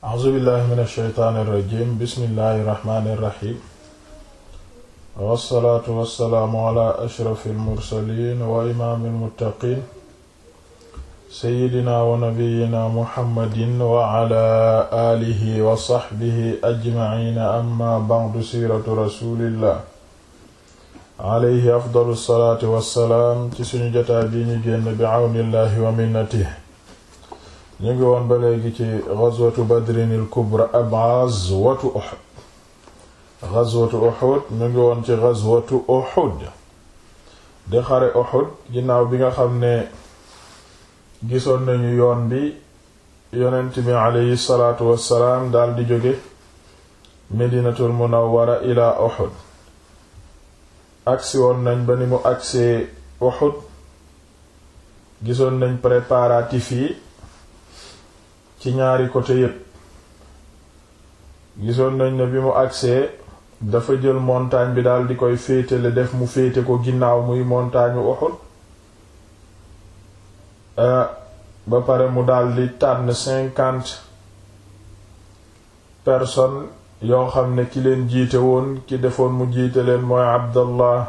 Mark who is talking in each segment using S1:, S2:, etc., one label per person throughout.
S1: a'uzubillahi min ashaytaani irrajim bismillahi irrahmani irrahim wassalaatu wassalaamu ala ashrafi almursalin wa imaami almuttaqin seyidina wa nabiyina muhammadin wa ala aalihi wa saxbihi ajmaciina amma ba'du siiratu rasulillah alayhi afdalu salaati wassalaam ci suñu jotaay bi ñu génn bi awnillahi wa minnatihi ñu ngi woon ba léegi ci ghazwatu badrin al kubra ab ghazwatu uhud ñu ngi woon ci ghazwatu uhud di xare uhud ginnaaw bi nga xam ne gisoon nañu yoon bi yonent bi aleyhi salaatu wassalaam dal di jóge medinatul munawwara ila uhud agsi woon nañ ba ni mu agsee uhud gisoon nañ préparatif yi ci ñaari côté yépp gisoon nañ ne bi mu agsee dafa jël montagne bi daal di koy féetale def mu féete ko ginnaaw muy montagne Uhud euh, ba pare mu daal di tànn cinquante person yoo xam ne ki leen jiite woon ki defoon mu jiite leen mooy Abdallah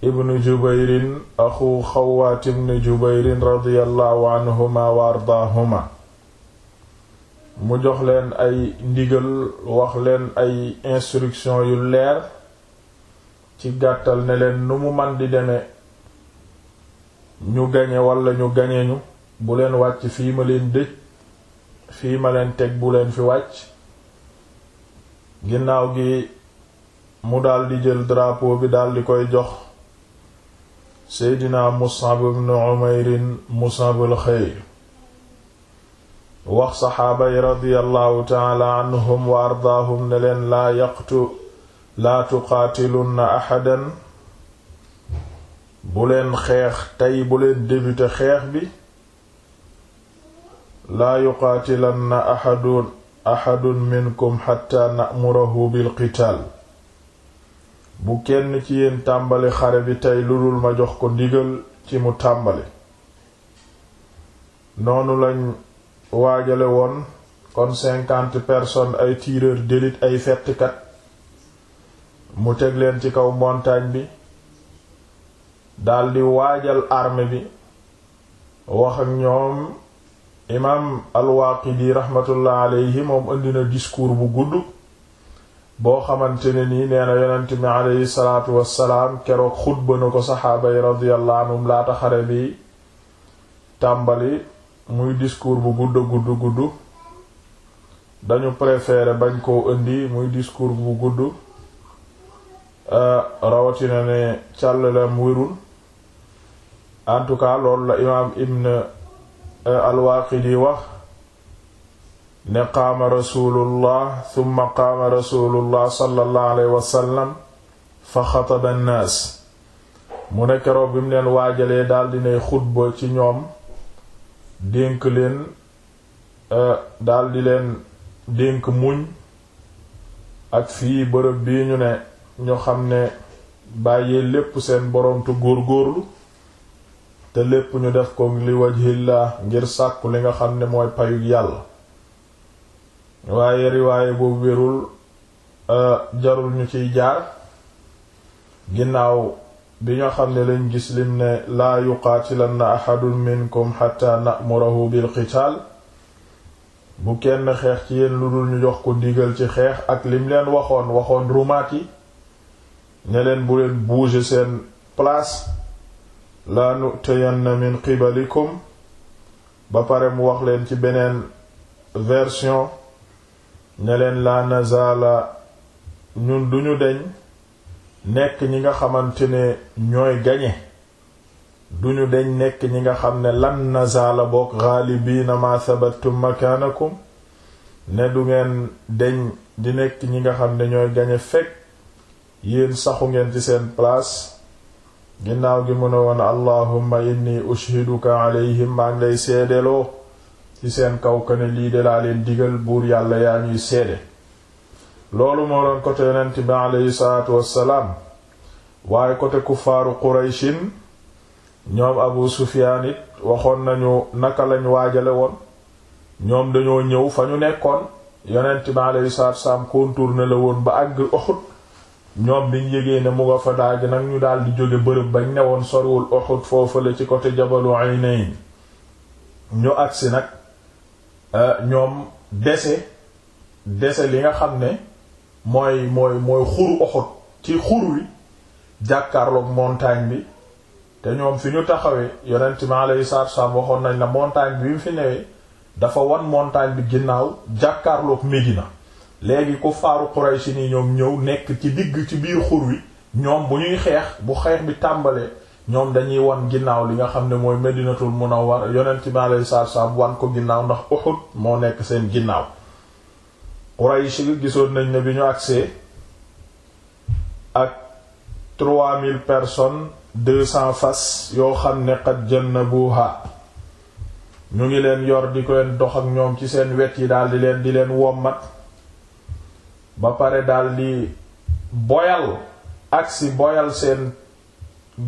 S1: ibnu Jubayrin axu Xawaat ibnu Jubayrin radiyallahu anhuma wa ardaahuma mu jox leen ay ndigal wax leen ay instruction yu leer ci gàttal ne leen nu mu man di demee ñu gañe walla ñu gañe ñu bu leen wàcc fii ma leen dëj fii ma leen teg bu leen fi wàcc ginnaaw gi mu daldi jël drapeau bi daldi koy jox seydina Mus'ab ibn Umayr Mus'ab al wax saxaaba yi radiyallahu taala anhum wa ardaahum ne leen laa yaqtu laa tuqaatilunna ahadan bu leen xeex tey bu leen débuté xeex bi laa yuqaatilanna ahadun ahadun minkum xatta na'murahu bil qitaal bu kenn ci yéen tàmbali xare bi tey lu dul ma jox ko ndigal ci mu tàmbali noonu lañ waajale woon kon cinquante personnes ay tireurs d'élite ay fettkat mu teg leen ci kaw montagne bi daldi waajal armée bi waxak ak ñoom imaam al-Waaqidi rahmatullah alayhi moom indi na discours bu gudd boo xamante ne nii nee na yonent mi aleyhi salaatu wassalaam keroog xutba na ko saxaaba yi radiyallahu anhum laata xare bi tàmbali muy discours bu gudd gudd dañu préféré bañ koo indi muy discours bu gudd euh, rawatina ne càllaleem wérul en tout cas loolu la imaam ibn euh, al wax ne qaama rasulullah thumma qaama rasulullah sallallahu alayhi wa sallam fa xataba an-naas mu ne keroog bi mu leen waajalee daal dinay xutba ci ñoom dénk leen e, daldi leen dénk muñ ak fii bërëb bii ñu ne ñu xam ne bàyyee lépp seen boroom te góorgóorlu te lépp ñu def ko li wajhillah ngir sàkku li nga xam ne mooy payug yàlla waaye riwaaye boobu wérul e, jarul ñu ciy jaar ginnaaw bi nga xam ne lañ gis lim ne laa yuqaatilanna ahadun minkum xatta na'murahu bil qitaal bu kenn xeex ci yéen lu dul ñu jox ko digal ci xeex ak lim leen waxoon waxoon rumaat yi ne leen bu leen bouger seen place laa nutayanna min qibalikum ba pare mu wax leen ci beneen version ne leen laa nazaala ñun duñu deñ nekk ñi nga xamante ne ñooy gañe duñu deñ nekk ñi nga xam ne lan nazaala bokk xaalibiina ma sabattum ne du ngeen deñ di nekk ñi nga xam ne ñooy gañe fekk yéen saxu ngeen ci seen place ginnaaw gi mëna ne woon allahumma inni ushiduka alayhim maa ngi lay seedeloo ci seen kaw ka ne lii de laa leen digal buur yàlla yaa ñuy seede loolu moo doon côté yonent bi aleyhi salaatu wassalaam waaye côté kuffaaru qurayshin ñoom abu sufiyaan it waxoon nañu naka lañu waajale woon ñoom dañoo ñëw fa ñu nekkoon yonent bi aleyhi salaatu wassalaam contourné la woon ba àgg Uhud ñoom biñ yégee ne mu nga fa daaj nag ñu daal di jóge bërëb ba newoon sorwul Uhud foofu la ci côté jabalu Aynayn ñu agsi nag eh, ñoom dese dese li nga xam ne mooy mooy mooy xuru Uhud ci xur wi jàkkaarloog montagne bi te ñoom fi ñu taxawee yonent mi alayhi salaatu waxoon nañ na montagne bi mu fi newee dafa wan montagne bi ginnaaw jàkkaarlook Médina léegi ku faaru Quraysh ni ñoom ñëw nekk ci digg ci biir xur wi ñoom bu ñuy xeex bu xeex bi tàmbalee ñoom dañuy wan ginnaaw li nga xam ne mooy Medinatul Munawwar yonent mi alayhi saat wassalaam wan ko ginnaaw ndax Uhud moo nekk seen ginnaaw Quraysh gi gisoon nañ ne bi ñu agsee ak trois mille personnes deux fas yoo xam ne na jannabuha ñu ngi leen yor di ko leen dox ak ñoom ci seen wet yi daal di leen di leen wommat ba pare daal di boyal agsi boyal seen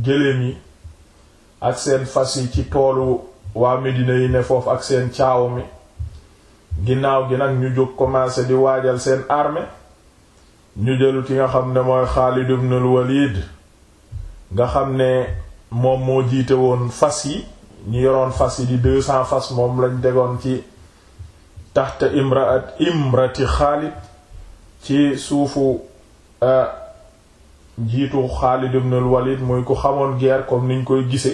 S1: gëléem yi ak seen fas yi ci toolu waa Medina yi ne foofu ak seen caaw mi ginnaaw gi nag ñu jóg commencé di waajal seen arme ñu jël ki nga xam ne mooy Xaalid ibn al-Walid nga xam ne moom moo jiite woon fas yi ñu yoroon fas yi di deux cents fas moom lañ degoon ci taxte imraat imrati Xaalid ci suufu euh, njiitu Xaalid ibn al-Walid muy ku xamoon guerre comme niñ koy gise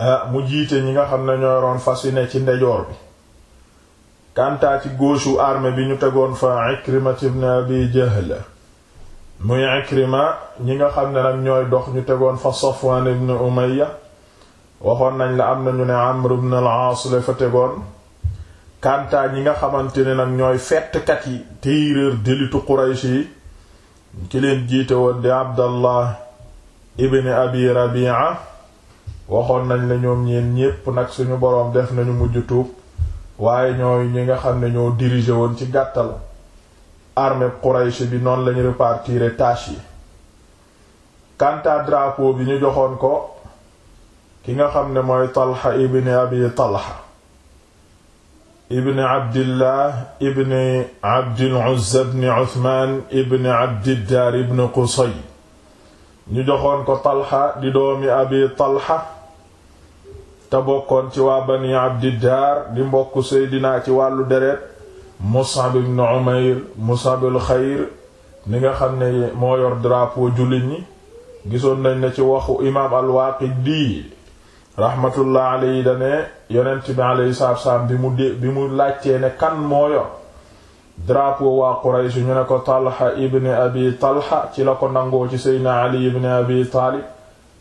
S1: euh, mu jiite ñi nga xam ne ñoo yoroon fas yi ne ci ndejoor bi kantaa ci góosu armée bi ñu tegoon fa Ikrima ibn Abi Jahl muy Ikrima ñi nga xam ne nag ñooy dox ñu tegoon fa Safwan ibn Umayya waxoon nañ la am na ñu ne Amr ibn al-Aas la fa tegoon kantaa ñi nga xamante ne nag ñooy fettkat yi tireur d'élite Quraysh yi ci leen jiite woon di Abdallah ibn Abi Rabi'a waxoon nañ la ñoom ñeen ñépp nag suñu boroom def nañu mujj tuub waaye ñooy ñi nga xam ne ñoo dirigé woon ci gàttal armée Quraysh bi noonu lañu répartir tâches yi kanta bi ñu joxoon ko ki nga xam ne mooy Talha ibn Abi Talha ibn Abdillah ibn Abdil Uzza ibn Uthman ibn Abdiddaar ibn Qusay ñu joxoon ko Talha di doomi Abi Talha te bokkoon ci waa bani abdiddar di mbokk seydinaa ci wàllu deret musab ibn umayr musabul xayr ni nga xam ne moyor drapo drapeau jullit gisoon nañ ne ci waxu imaam al-Waaqidi rahmatullah alayhi dane yonent bi alayhi salaatu salaam bi mu dé bi mu laajtee ne kan moo yor drapeau waa Quraysh ñu ne ko Talha ibn abi Talha ci la ko nangoo ci seydinaa Ali ibn abi Taalib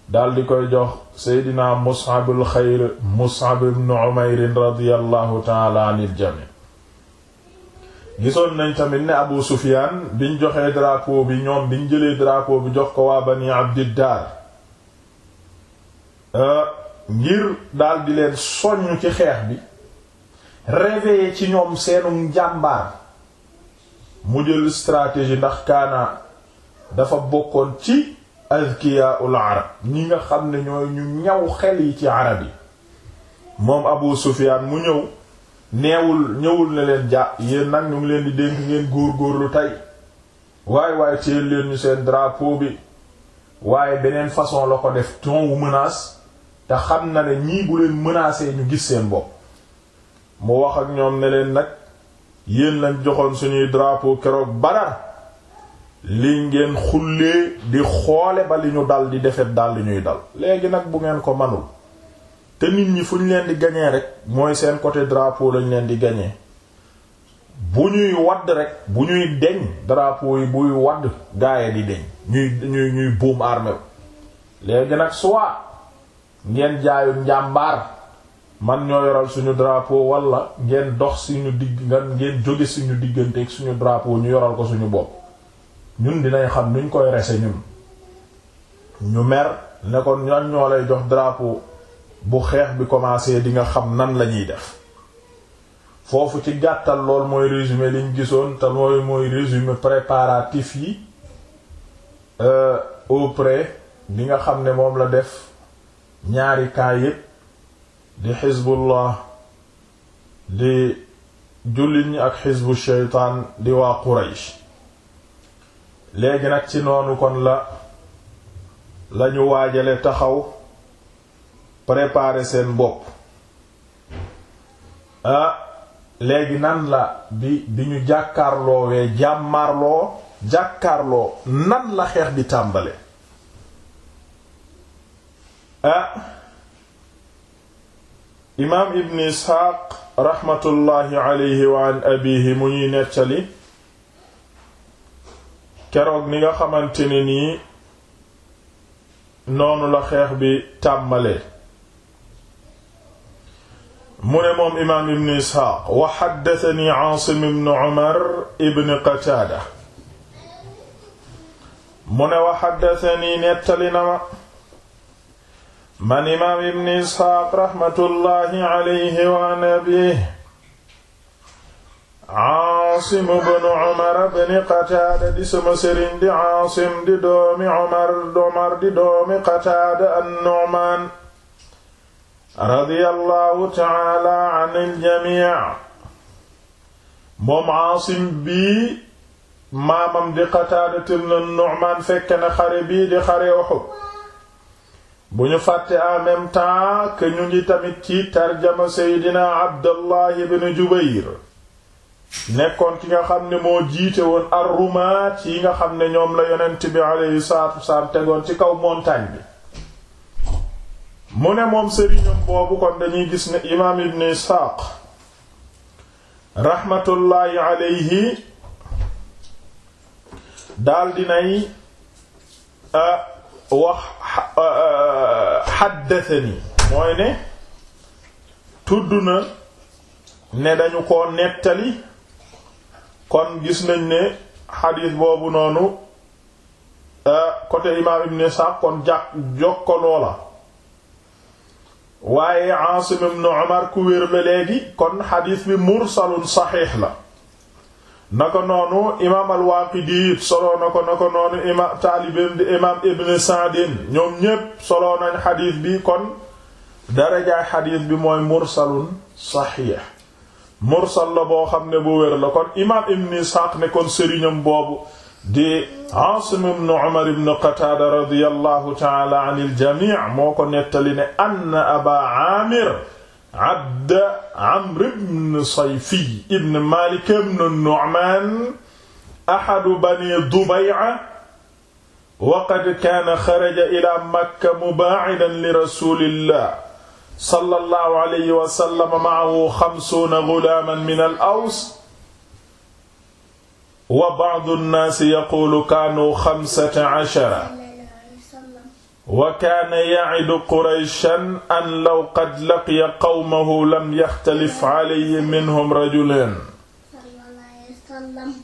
S1: daal di koy jox seydina mus'ab al xayr mus'ab ibn umayr radiyallahu taala anil jami gisoon nañ tamit ne abu sufyan biñ joxee drapeau bi ñoom biñ jëlee drapeau bi jox ko waa bani abdiddaar euh, ngir daal di leen soññ ci xeex bi réveiller ci ñoom seenum njàmbaar mu jël stratégie ndax kaana dafa bokkoon ci azkiyaul arab ñi nga xam ne ñooy ñu ñaw xel yi ci arab yi moom Abu Sufyaan mu ñëw neewul ñëwul ne leen ja yéen nag ñu ngi leen di dénk ngeen góor góorgóorlu tey waaye waaye téel leen ñu seen drapeau bi waaye beneen façon la ko def ton wu menace te xam na ne ñii bu leen menacé ñu gis seen bopp mu wax ak ñoom ne leen nag yéen lañ joxoon suñuy drapeau keroog bara li ngeen xullee di xoole ba li ñu dal di defet dal ñuy dal léegi nag bu ngeen ko manul te nit ñi fu ñu leen di gañee rek mooy seen côté drapo lañ leen di gañee bu ñuy wadd rek bu ñuy deñ drapeau yi buy wadd gaaya di deñ ñuy ñuy buum armé léegi nag soit ngeen jaayu njàmbaar man ñoo yoral suñu drapo wala ngeen dox suñu digg ngeen jóge suñu diggante ak suñu drapo ñu yoral ko suñu bopp ñun dinay xam nuñ koy rese ñun ñu mer ne kon ñan ñoo lay jox drapeau bu xeex bi commencé di nga xam nan la ñuy def foofu ci gàttal lool mooy résumé liñ gisoon te mooy mooy résumé préparatif yi euh, auprès li nga xam ne moom la def ñaari kaay yépp di xizbullah di jullit ñi ak xizbu sheytaan di waa Quraysh léegi nag ci noonu kon la lañu waajale taxaw préparer seen bopp ah léegi nan la bi bi ñu jàkkaarloowee jàmmarloo jàkkaarloo nan la xeex bi tàmbale ah imaam ibn isxaaq raxmatullaahi alayhi wa an abihi mu ñuy nettali keroog ni nga xamante ne nii noonu la xeex bi tàmbalee mu ne moom imaam ibn isxaaq wa xaddatani aasim ibn umar ibn qataada mu ne wa xaddatani nettali na ma man imaam ibn isxaaq raxmatullaahi alayhi wa nabi Aasim ibn Umar ibn Qataada di sama sëriñ di Aasim di doomi Umar Umar di doomi Qataada an-Nu'maan radiyallahu ta'ala anil jamii' moom Aasim bii maamam di Qataada ibn Nu'maan fekk na xare bii di xare Uhud bu ñu fàtte en même temps que ñu ngi tamit ci tarjama Seydina Abdallah ibn Jubayr nekkoon ki nga xam ne moo jiite woon arrumaat yi nga xam ne ñoom la yonent bi alayhi salaatu wasalaam tegoon ci kaw montagne bi mu ne moom sëriñam boobu kon dañuy gis ne imaam ibn isxaaq raxmatullaahi alayhi daal dinay wax xaddasani mooy ne tudd na ne dañu ko nettali kon gis nañ ne xadiis boobu noonu euh, côté imaam ibn Isaaq kon jàpp jokkaloo la waaye Aasim ibn Umar ku wér la léegi kon xadiis bi mursalun saxiix la na ko noonu imaam al-Waaqidi soloo ko na ko noonu imaam taalibeen di imaam ibn Sa'din ñoom ñépp soloo xadiis bi kon darajaay xadiis bi mooy mursalun saxiix mursal la boo xam ne bu wér la kon imaam ibn Isxaaq ne kon sëriñam boobu di Aasim ibn Umar ibn Qataada radiyallahu ta'ala anil jamii' moo ko nettali ne anna Abaa Aamir Abd Amr ibn Sayfi ibn Maalik ibn Nu'maan ahadu bani Dubay'a wa qad kaana xaraja ilaa Makka mubaa'idan li rasuulillah sallallahu alayhi wa sallam ma'ahu xamsuuna gulaaman min al aws wa ba'du nnaasi yaquulu kaanu xamsata ashara wa kaana ya'idu qurayshan an law qad laqiya qawmahu lam yaxtalif alayhi minhum rajulan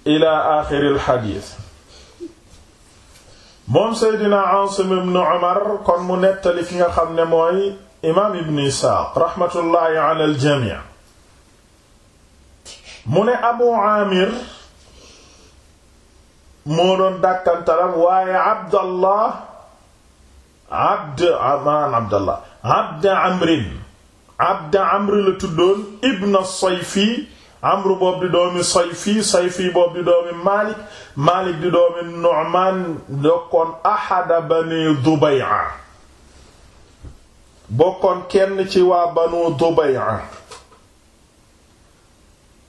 S1: ila aaxiril xadiis moom Seydina Aasim ibn Umar kon mu nettali ki nga xam ne mooy imaam ibn isxaaq raxmatullaahi ala aljami mu ne abu aamir moo doon dàkkantalam waaye abdallah abd amaan abdallah abd amrin abd amr la tuddoon ibn sayfi amru boobu di doomi sayfi sayfi boobu di doomi maalik maalik di doomi nu'maan dokkoon ahada bani dubay'a bokkoon kenn ci waa banu dubay'a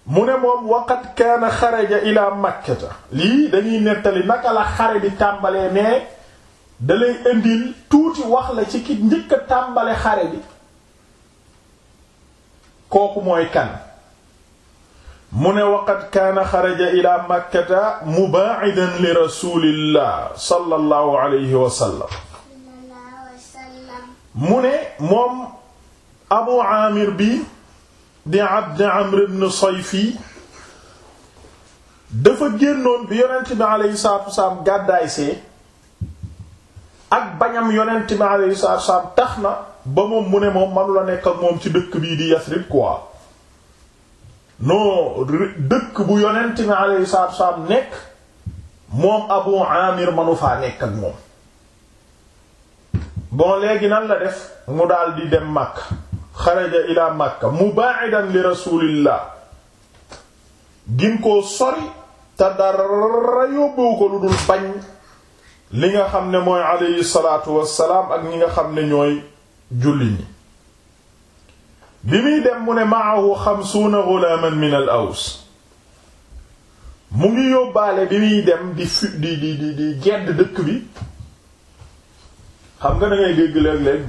S1: mu ne moom waqat kaana xaraja ila makkata lii dañuy nettali naka la xare bi tàmbalee mais dalay indil tuuti wax la ci ki njëkk tàmbale xare bi kooku mooy kan mu ne waqat kaana xaraja ila makkata mubaa'idan li rasulillah sallallahu alayhi wa mu ne moom abu amir bi di abd amr ibn sayfi dafa génnoon bi yonent bi aleyhi salaatu gàddaay see ak bañam yonent bi aleyhi salaatu tax na ba moom mu ne moom manu la moom ci dëkk bii di Yasrib quoi non dëkk bu yonent bi aleyhi salaatu nekk moom abu amir manu faa nekk moom bon léegi nan la def mu daal di dem màkk xaraja ila màkka muba'idan li rasulillah gin koo sori te yóbbuwu ko lu dul bañ li nga xam ne mooy aleyhi salaatu salaam ak ñi nga xam ne ñooy julli ñi bi muy dem mu ne maahu xamsuuna ghulaman min al aws mu ngi yóbbaale bi muy dem di di di di gedd dëkk bi xam nga da ngay dégg léeg-léeg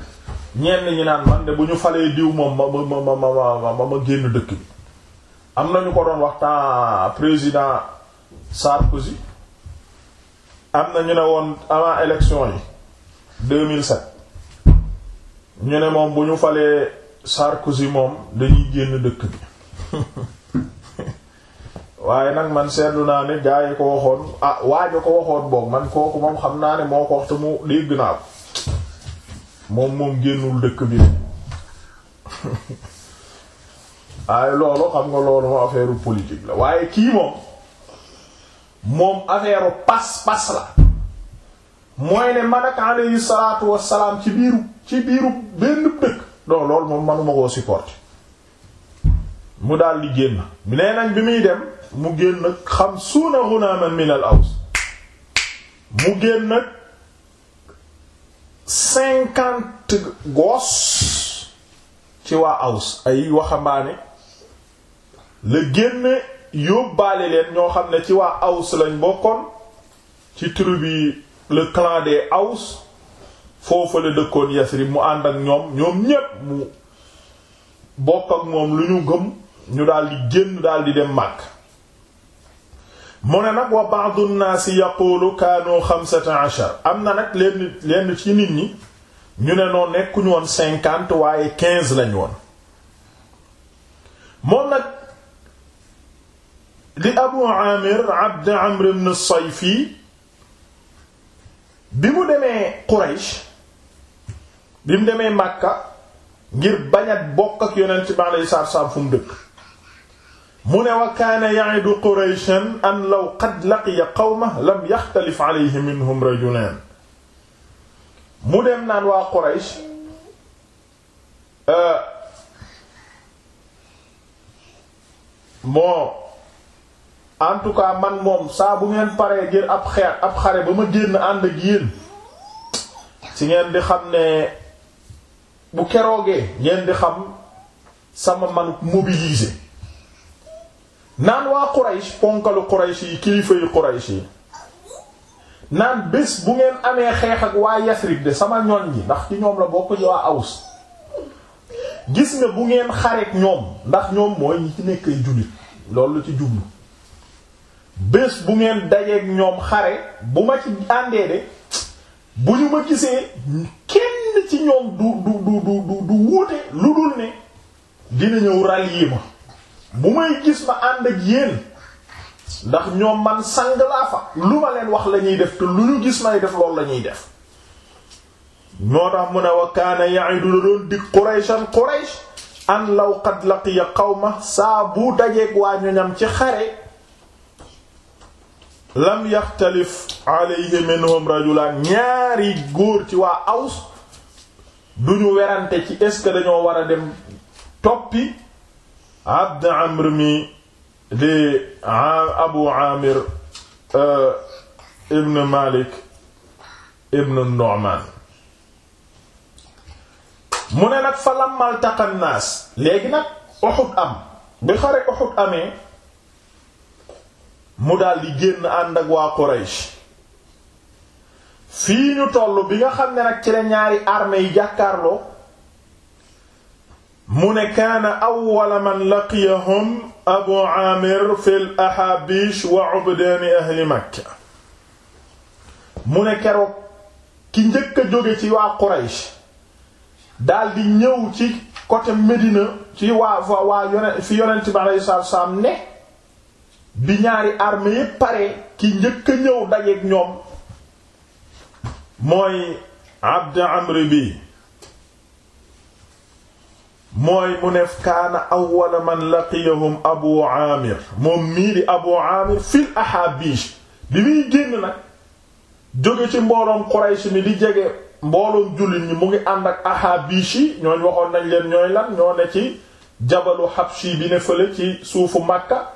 S1: ñenn ñi naan man de bu ñu falee diw moom ma ma ma ma ma ma génn dëkk bi am na ñu ko doon waxtaan président Sarkozy am na ñu ne woon avant élection yi 2007 ñu ne moom bu ñu falee Sarkozy moom dañuy génn dëkk bi waaye nag man seetlu naa ne gaa yi ko waxoon ah waajo ko waxoon boog man kooku moom xam naa ne moo ko wax te mu dégg naa ko moom moom génnul dëkk bi waaye loolu xam nga loolu moom affaire politique la waaye kii moom moom affaire pas-pas la mooy ne man ak alayhi salaatu wassalaam ci biiru ci biiru benn dëkk non loolu moom manuma koo supporter mu daldi di génn nee bi muy dem mu génn xam suuna ghunaaman min al aws mu génn cinquante gos ci waa Aws ay waxambaane la génne yóbbaale leen ñoo xam ne ci waa Aws lañ bokkoon ci tribu le clan des Aws foofa la dëkkoon Yasrib mu ànd ak ñoom ñoom ñépp mu bokk ak moom lu ñu gëm ñu daldi génn daldi dem Makka mu ne nag wa ba'du nnaasi yaqulu kaanu xamsata ashar am na nag lenn lenn ci nit ñi ñu ne noo nekkuñu woon cinquante waaye quinze lañu woon moom nag li abu amir abd amr ibn fii bi mu demee quraysh bi mu demee màkka ngir bañ a bokk ak yonent ci alayhi salaatu wa salaam fu mu dëkk mu ne wa kaana ya'idu qurayshan an law qad laqiya qawma lam yaxtalif alayhi minhum rajulan mu dem naan waa quraysh bon euh, en tout cas man moom saabu ngeen pare ngir ab xeer ab xare ba ma génn ànd ak yéen ci ngeen di xam ne bu keroogee ngeen di xam sama man mobiliser naan waa Quraysh ponkalu Quraysh yi kilifa yu Quraysh yi naan bés bu ngeen amee xeex ak waa Yasrib de sama ñoñ yi ndax ci ñoom la bokk ci waa Aws gis nga bu ngeen xareek ñoom ndax ñoom mooy ñi nekk ay jullit loolu la ci jublu bés bu ngeen dajeek ñoom xare bu ma ci àndee de bu ñu ma gisee kenn ci ñoom du du du du du wuute lu dul ne dina ñëw rallier ma bu may gis ma ànd ak yéen ndax ñoom man sang laa fa lu ma leen wax lañuy def te lu ñu gis may def loolu la def moo tax mu ne wa kaana ya'idu la doon dig Qurayshan Quraysh an law qad laqiya qawma saa bu dajeeg waa ñoñam ci xare lam yaxtalif alayhi minhum rajulan ñaari góor ci waa Aws ñu werante ci est-ce que dañoo war a dem toppi abd amr mi di abu amir eh, ibn malik ibn nu'man mu ne nag fa lammal taqan naas léegi nag Uhud am bi xare Uhud amee mu daal di génn ànd ak waa Quraysh fii ñu toll bi nga xam ne nag ci la ñaari armée yi jàkkaarloo mu ne kaana awwala man laqiyahum abu amir fil ahaabish wa ubdaani ahli makka mu ne keroog ki njëkk a jóge ci waa quraysh daldi ñëw ci côté Medina ci waa waa fi yonent bi alayhi salaatu ne bi ñaari armée pare ki njëkk ñëw dajeek ñoom mooy abd amri bi mooy mu nef kaana awwala man laqiyahum abu amir moom mii di abu amir fil ahaabish bi muy génn nag jóge ci mbooloom Quraysh mi di jege mbooloom jullit ñi mu ngi ànd ak ahaabish yi ñooñ waxoon nañ leen ñooy lan ñoo ne ci jabalu habshi bi ne fële ci suufu Makka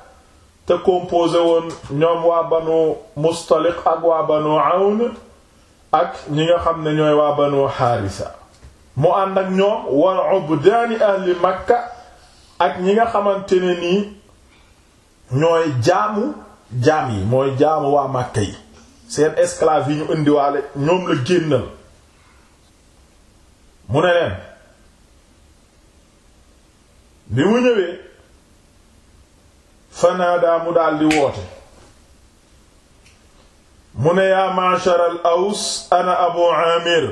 S1: te composé woon ñoom waa banu mustaliq ak waa banu awn ak ñi nga xam ne ñooy waa banu haarisa mu ànd ak ñoom wa ubdaani ahli makka ak ñi nga xamante ne nii ñooy jaamu jaam yi mooy jaamu waa makka yi seen esclaves yi ñu indiwaale ñoom la génnal mu ne leen bi mu ñëwee fanaadaa mu daldi woote mu ne yaa ma'shar al aws ana abu amir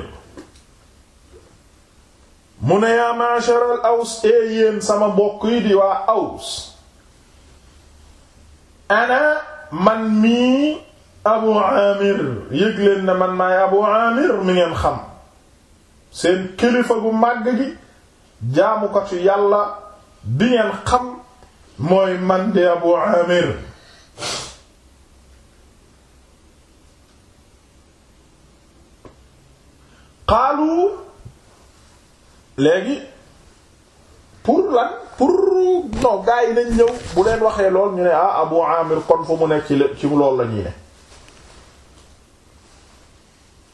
S1: mu ne yaa ma'sharal aws ee eh, sama mbokk yi di waa aws ana man mii abu amir yëg leen ne man maay abu amir mi ngeen xam seen kilifa gu màgg gi jaamukatu yàlla bi ngeen xam mooy man di abu amir qaalu léegi pour lan pour non gars yi ne ñëw bu leen waxee lool ñu ne ah Abu Amir kon fu mu nekk ci ci loolu la ñuy ne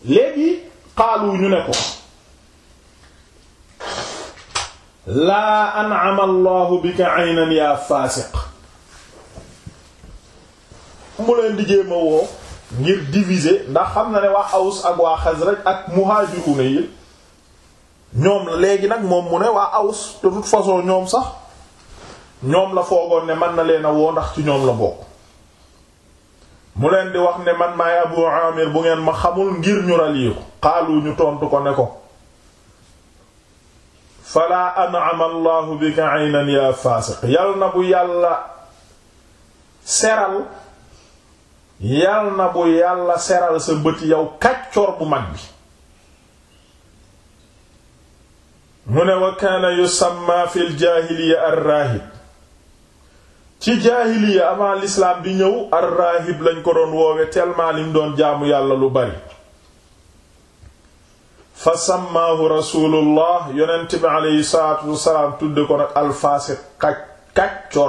S1: léegi xaalu ñu ne ko laa an'ama Allahu bika aynan yaa faasiq mu leen di jéema woo ngir diviser ndax xam na ne waa Aws ak waa Xasraj ak muhaajiruun yi ñoom léegi nag moom mu ne waa Aws de toute façon ñoom sax ñoom la foogoon ne mën na leen a woo ndax ci ñoom la bokk mu leen di wax ne man maay Abu Amir bu ngeen ma xamul ngir ñu ralieku xaalu ñu tontu ko ne ko fala an'ama allahu bika aynan ya faasiq yal na bu yàlla seral yal na bu yàlla seral sa bët yow kàccoor bu mag bi mu ne wa kaana yusamma fil jaahiliya ar-raahib ci jaahiliya avant l'islam di ñëw ar lañ ko doon woowe tellement lim doon jaamu yàlla lu bari fa sammaahu rasuulullah yonent bi aleyhi salaatu wasalaam tudde ko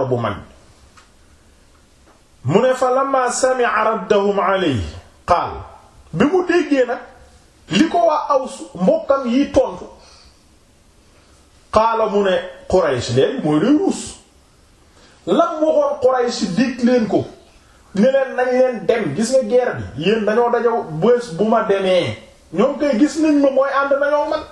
S1: bu mag mu ne fa lamma sami'a raddahum aleyhi qaal bi mu déggee nag li ko waa aws mbokkam yi tontu xaala mu ne Quraysh leen mooy day ruus lam waxoon Quraysh dig leen ko ne leen nañ leen dem gis nga guerre bi yéen dañoo dajaw bés bu ma demee ñoom koy gis nañ ma mooy ànd nañoo man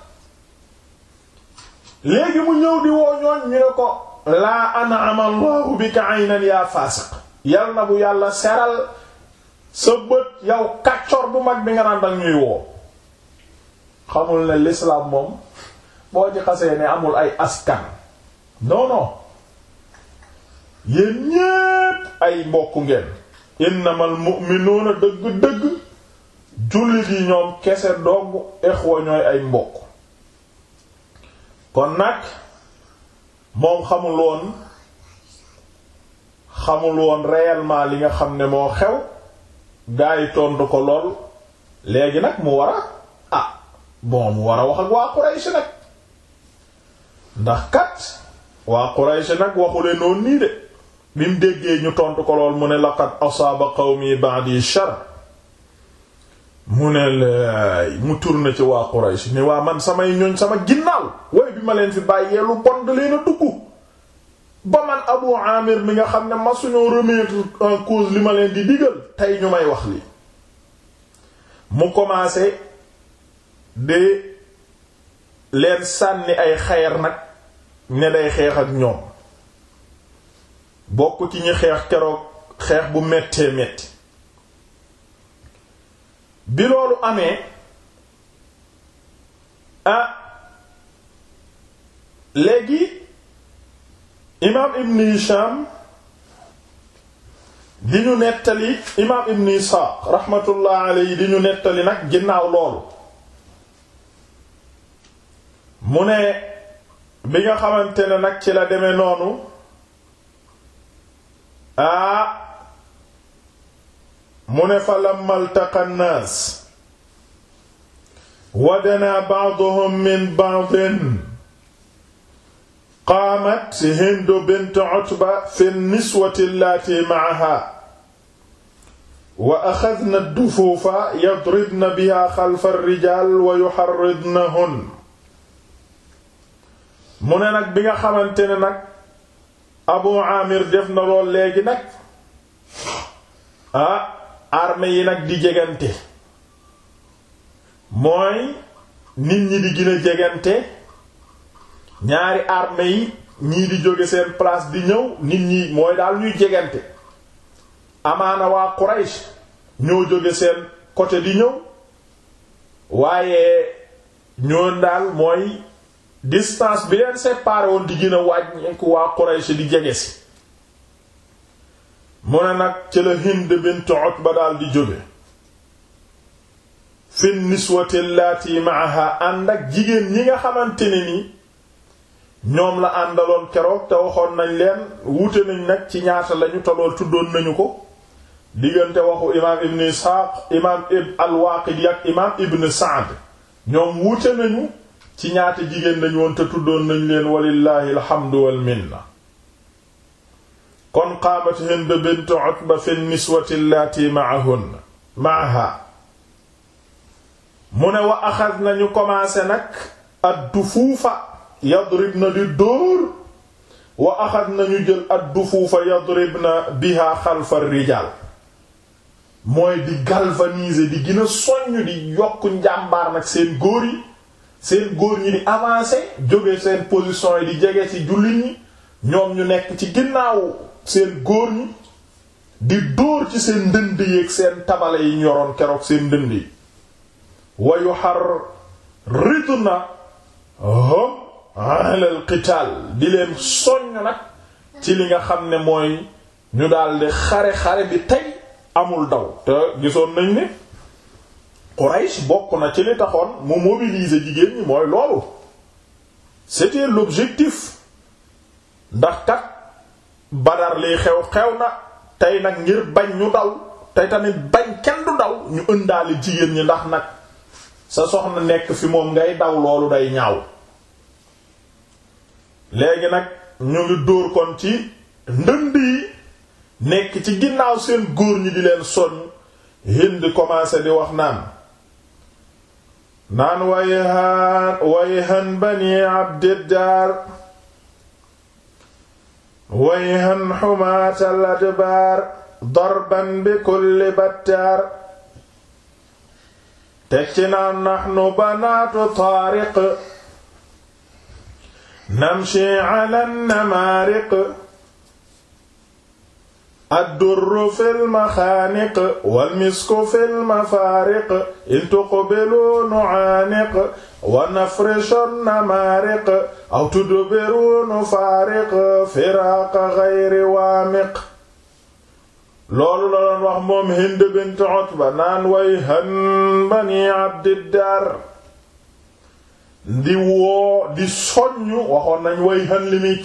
S1: léegi mu ñëw di woo ñooñ ñu ne ko laa an'ama Allahu bika aynan yaa faasiq yal na bu yàlla seral sa bët yow kàccor bu mag bi nga naan dañ ñuy woo xamul ne l'islam moom boo ci ne amul ay askan non non yéen ay mbokk ngeen innamal mu'minuuna dëgg-dëgg jullit yi ñoom kese dogg exwa ñooy ay mbokk kon nag moom xamul woon xamul woon réellement li nga xam ne moo xew gaa yi tontu ko lool léegi nag mu war a ah bon mu war wax ak waa Quraysh nag ndax kat waa Quraysh nag waxule noonu nii de bi mu déggee ñu tontu ko lool mu ne laqad asaaba qawmi ba'di shar mu ne laay mu tourné ci waa Quraysh ni waa man samay ñooñ sama ginnaaw way bi ma leen fi bàyyee lu bon da leen a dugg ba man Abu Amir mi nga xam ne ma suñoo remettre en cause li ma leen di digal tey ñu may wax li mu commencé de leen sànni ay xeer nag ne lay xeex ak ñoom bokk ci ñi xeex keroog xeex bu méttee metti bi loolu amee ah léegi imaam Ibn Hisham di ñu nettali imaam Ibn Isaaq rahmatullah alayhi di ñu nettali nag ginnaaw loolu mu ne bi nga xamante ne nag ci la demee noonu aa mu ne fa lamma altaqa nnaas wadanaa ba'duhum min ba'din qaamat hindu bint utba fi niswati allati ma'aha wa axadna dufuufa yadribna biha xalfa alrijal wa yuharridnahun mu ne nag bi nga xamante ne nag Abu Amir def na lool léegi nag ah yi nag di jegante mooy nit ñi di gën jegante ñaari armée yi ñii di jóge seen place di ñëw nit ñi mooy daal ñuy jegante amaana waa Quraysh ñoo jóge seen côté di ñëw waaye ñoon daal mooy distance bi leen séparé woon di gën a wàññi ko waa Quraysh di jege ci mu ne nag ci la Hind bint Utba daal di jóge fi niswati allati ma'aha ànd ak jigéen ñi nga xamante ni ñoom la àndaloon keroog te waxoon nañ leen wuute nañ nag ci ñaata lañu tolool tuddoon nañu ko diggante waxu imaam ibn Isxaaq imaam al Waaqidi ak imaam ibn Sa'd ñoom wuute nañu ci ñaata jigéen lañu woon te tuddoon nañ leen walillaahi alxamdu wal minna kon qaamat hind bint utba fi niswati allaati ma'aha mu ne wa axad nañu commencé nag addufuufa yadribna di dóor wa axad nañu jël addufuufa yadribna biha xalfa rijaal mooy di galvaniser di gën soññ di yokk njàmbaar nag seen góor yi seen góor ñi di avancer jóge seen position yi di jege ci jullit ñi ñoom ñu nekk ci ginnaaw seen góor ñi di dóor ci seen ndënd yi ak seen tabale yi ñoroon keroog seen ndënd yi wayu xar ritu na hom alal qitaal di leen soññ nag ci li nga xam ne mooy ñu daldi xare xare bi tey amul daw te gisoon nañ ne Quraysh bokk na ci li taxoon mu mobiliser jigéen ñi mooy loolu c'était l'objectif ndax kat Badar liy xew xew na tey nag ngir bañ ñu daw tey tamit bañ kenn du daw ñu ëndaale jigéen ñi ndax nag sa soxna nekk fi moom ngay daw loolu day ñaaw léegi nag ñu ngi dóor kon ci ndënd yi nekk ci ginnaaw seen góor ñi di leen soñ Hind commencé di wax naan naan wayhan wayhan bani abdiddaar wayhan xumaatal adbaar darban bi kulli battaar teg ci naan naxnu banaatu taariq namshi ala namaariq addurru fil maxaaniq wal misku fil mafaariq in tuqbilu nu'aaniq wa nafrishon namaariq aw tudbiru nufaariq firaaqa ghayri waamiq loolu la wax moom Hind bint Utba naan way han bani abdiddaar di woo di soññ waxoon nañ way han li muy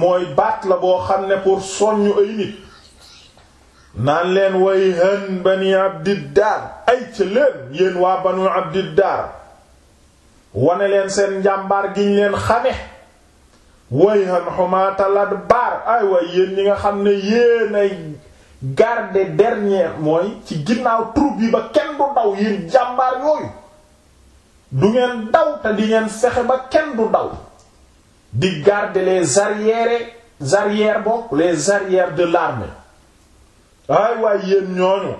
S1: mooy baat la boo xam ne pour ay nit naan leen way hën bani abdiddaar ay ca leen yéen waa banu abdiddaar wane leen seen njàmbaar giñ leen xame way hën xumaatalat baar ay way yéen ñi nga xam ne yéen ay garde dernière mooy ci ginnaaw troupe yi ba kenn du daw yéen jàmbaar yooyu du ngeen daw te di ngeen fexe ba kenn du daw di garder les arrières arrières bokk les arrières de l'armée ay waay yéen ñooñu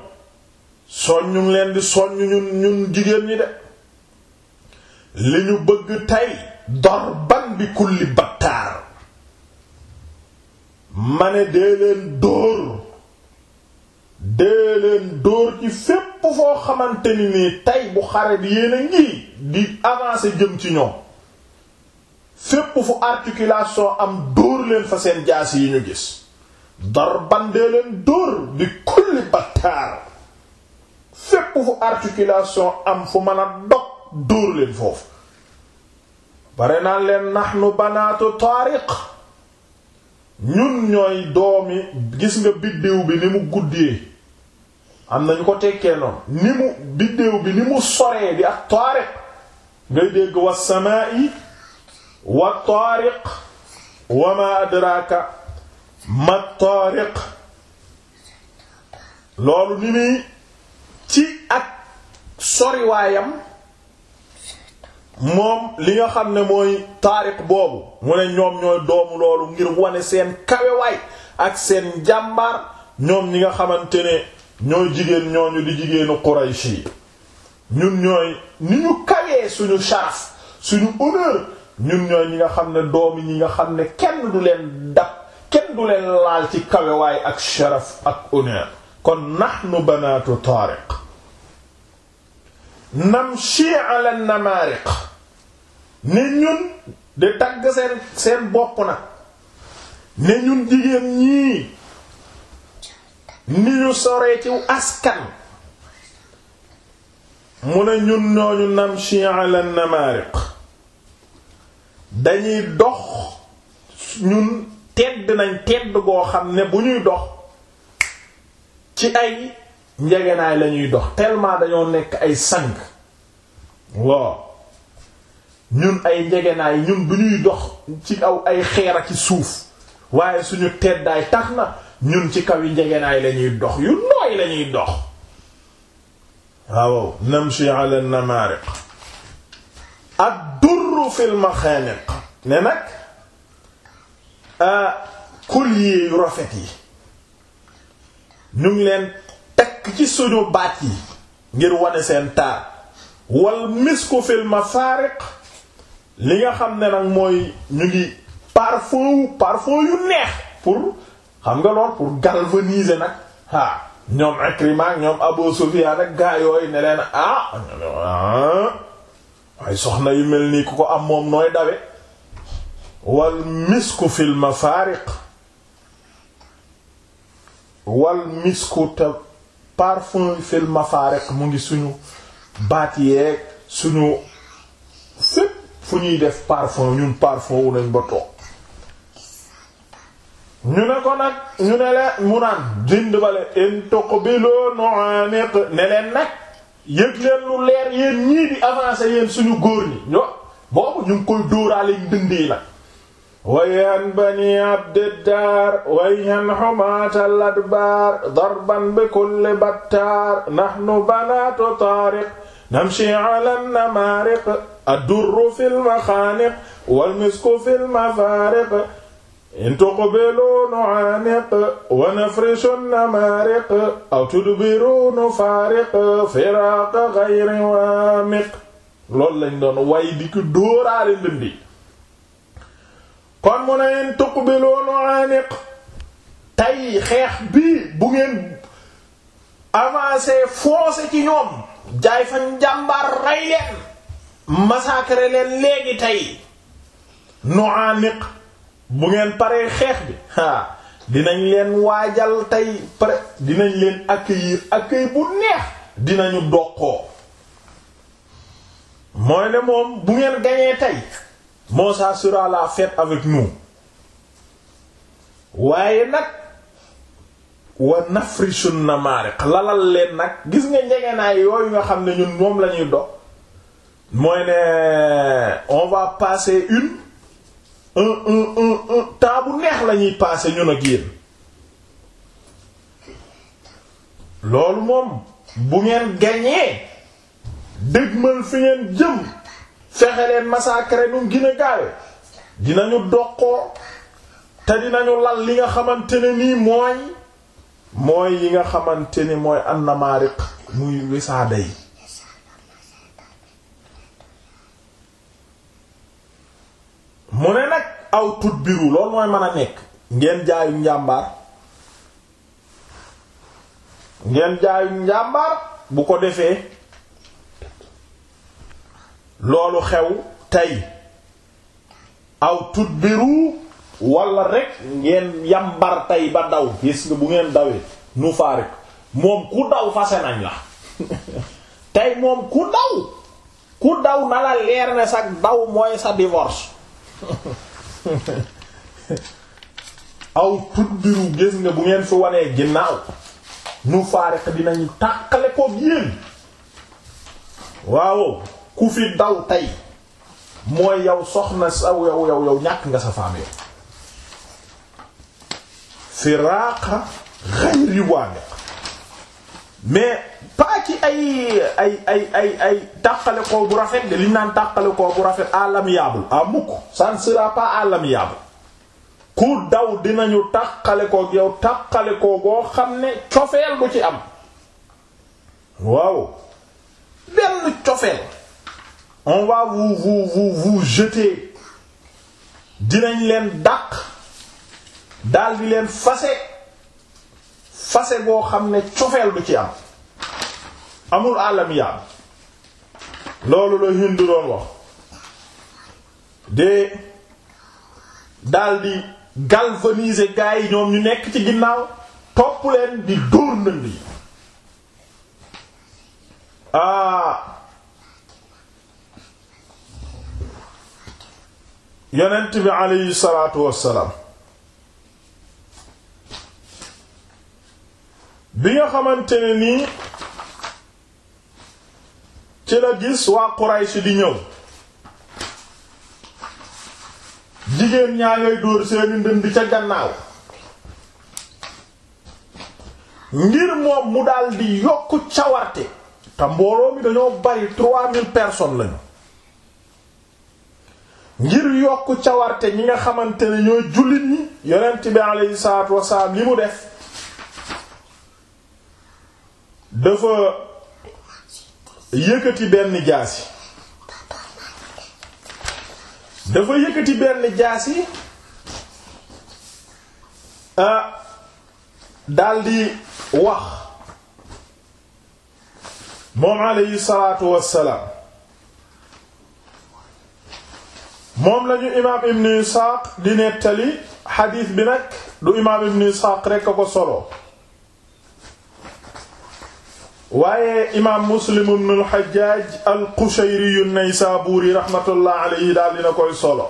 S1: soññu ngi leen di soññu ñun ñun jigéen ñi de li ñu bëgg tey dorban bi kulli battaar ma ne dee leen dóor dee leen dóor ci fépp foo xamante ni nii tey bu xare bi yéen a ngi di avancer jëm ci ñoom fépp fu articulation am dóor leen fa seen jaas yi ñu gis darban dee leen dóor bi kulli battaar fépp fu articulation am fu mën a dog dóor leen foofu bari naan leen nahnu banaatu taariq ñun ñooy doomi gis nga biddiw bi ni mu guddee am na ñu ko tekkee noonu ni mu biddiw bi ni mu soree di ak taariq ngay dégg wa samaa'i wa taariq wa ma adraka matariq loolu ni muy ci ak soriwaayam moom li nga xam ne mooy taariq boobu mu ne ñoom ñooy doomu loolu ngir wane seen kawewaay ak seen jàmbaar ñoom ñi nga xamante ne ñooy jigéen ñooñu di jigéenu Quraysh yi ñun ñooy ni ñu kawee suñu sharaf suñu honneur ñun ñooy ñi nga xam ne doomi ñi nga xam ne kenn du leen dab kenn du leen laal ci kawewaay ak sharaf ak honneur kon nahnu banaatu taariq namshi ala namariq ne ñun di tagg seen seen bopp nag ne ñun jigéen ñii ni ñu soree ci askan mu ne ñun ñooñu namshi ala dañuy dox ñun tedd nañ tedd goo xam ne bu ñuy dox ci ay njegenaay lañuy dox tellement dañoo nekk ay sang waaw ñun ay njegenaay ñun bu ñuy dox ci aw ay xeer ak ci suuf waaye suñu teddaay tax na ñun ci kaw yi njegenaay la ñuy dox yu nooy lañuy dox waaw namshi ala namariq ad-durr fil maxaaniq ne nag collier yu rafet yi ñu ngi leen takk ci suñu baat yi ngir wane seen taar wal mis ko fil li nga xam ne nag mooy ñu ngi parfum parfum yu neex pour xam nga lool pour galvaniser nag ah ñoom Ikrima ñoom Abu Sufyan ak gaa yooyu ne leen ah waaye ah, soxna yu mel nii ku ko am moom nooy dawe wal misku fil mafaariq wal misku te parfum fil mafaariq mu ngi suñu baat yeeg suñu fépp fu ñuy def parfum ñun parfum wu nañ ba ñu ne ko nag ñu ne leen mu naan dind bale in tuqbilu nu'aniq ne leen nag yëg leen lu leer yéen ñii di avancer yéen suñu góor ñi ño boobu ñu ngi koy dóoraale dënd yi nag wayhan bani abdiddaar wayhan xumaatal adbaar darban bi kulli battaar nahnu banaatu taariq namshi ala namaariq addurru fil maxaaniq wal misku fil mafaariq in tuqbilu nu'aaniq wa nafrishu namaariq aw tudbiru nufaariq firaaqa ghayri waamiq loolu lañ doon way di ko dóoraale ndëndi kon mu ne in tuqbilu nu'aniq tey xeex bii bu ngeen avancer foncer ci ñoom jaay fan jàmbaar rey leen leen léegi tey nu'aniq bu ngeen paree xeex bi ah dinañ leen waajal tey pare dinañ leen accueillir accueil bu neex dinañu doqoo mooy ne moom bu ngeen gañee tey Moussa sera la fête avec nous waaye nag wa nafrishun namaariq lalal leen nag gis nga njegenaay yooyu nga xam ne ñun moom lañuy ñuy dox mooy ne on va passer une un neex la ñuy ñun a yéen loolu moom bu ngeen gañee dégmal fi ngeen jëm fexe leen massacrer nu gën a gaawe dinañu doqoo te dinañu lal li nga xamante ne mooy mooy yi nga xamante ni mooy annamaariq muy wisaada yi mu ne nag aw tut biru loolu mooy mën a nekk ngeen jaayu njàmbaar ngeen jaayu njàmbaar bu ko defee loolu xew tey aw tutbiru wala rek ngeen yambar tey ba daw gis nga bu ngeen dawee nu faarik moom ku daw fase nañ la tey moom ku daw ku daw na la leer ne sax daw mooy sa divorce aw tudbiru gis nga bu ngeen fi wanee ginnaaw nu faarik dinañu tàqale ko yéen waaw ku fi daw tey mooy yow soxna saw yow yow ñàkk nga sa femme yow firaaqa ghayri waaqiq mais pas ci ay ay ay ay ay tàqale bu rafet de li naan tàqale koo bu rafet à l'amiable à mukk ça ne sera pas à ku daw dinañu tàqale koo yow tàqale koo goo xam ne cofeel bu ci am waaw benn cofeel on va vous vous vous vous dinañ leen dàq daldi leen fase fase boo xam ne cofeel du ci am amul alamiya loolu la Hindu doon wax de daal di galvaniser yi ñoom ñu nekk ci ginnaaw topp leen di dóor nënd yi ah yonent bi aleyhi salaatu wassalaam bi nga xamante ne ci la gis waa si di ñëw jigéen ñaa ngay dóor seeni ndënd ca gannaaw ngir moom mu daldi yokk cawarte te mbooloo bi dañoo bari trois mille personnes lañu ngir yokk cawarte ñi nga xamante ne ñooy jullit ñi yonent bi aleyhi salaatu wasalaam li mu def dafa yëkkati benn jaas yi dafa yëkkati benn jaas yi ah daldi wax moom aleyhi salaatu wasalaam moom lañu imaam ibn isxaaq di nettali xadiis bi nag du imaam ibn isxaaq rekk a ko solo waaye imaam muslim ibn al xajjaaj al qushayri yu naysaabuuri raxmatullah alayhi daal dina koy solo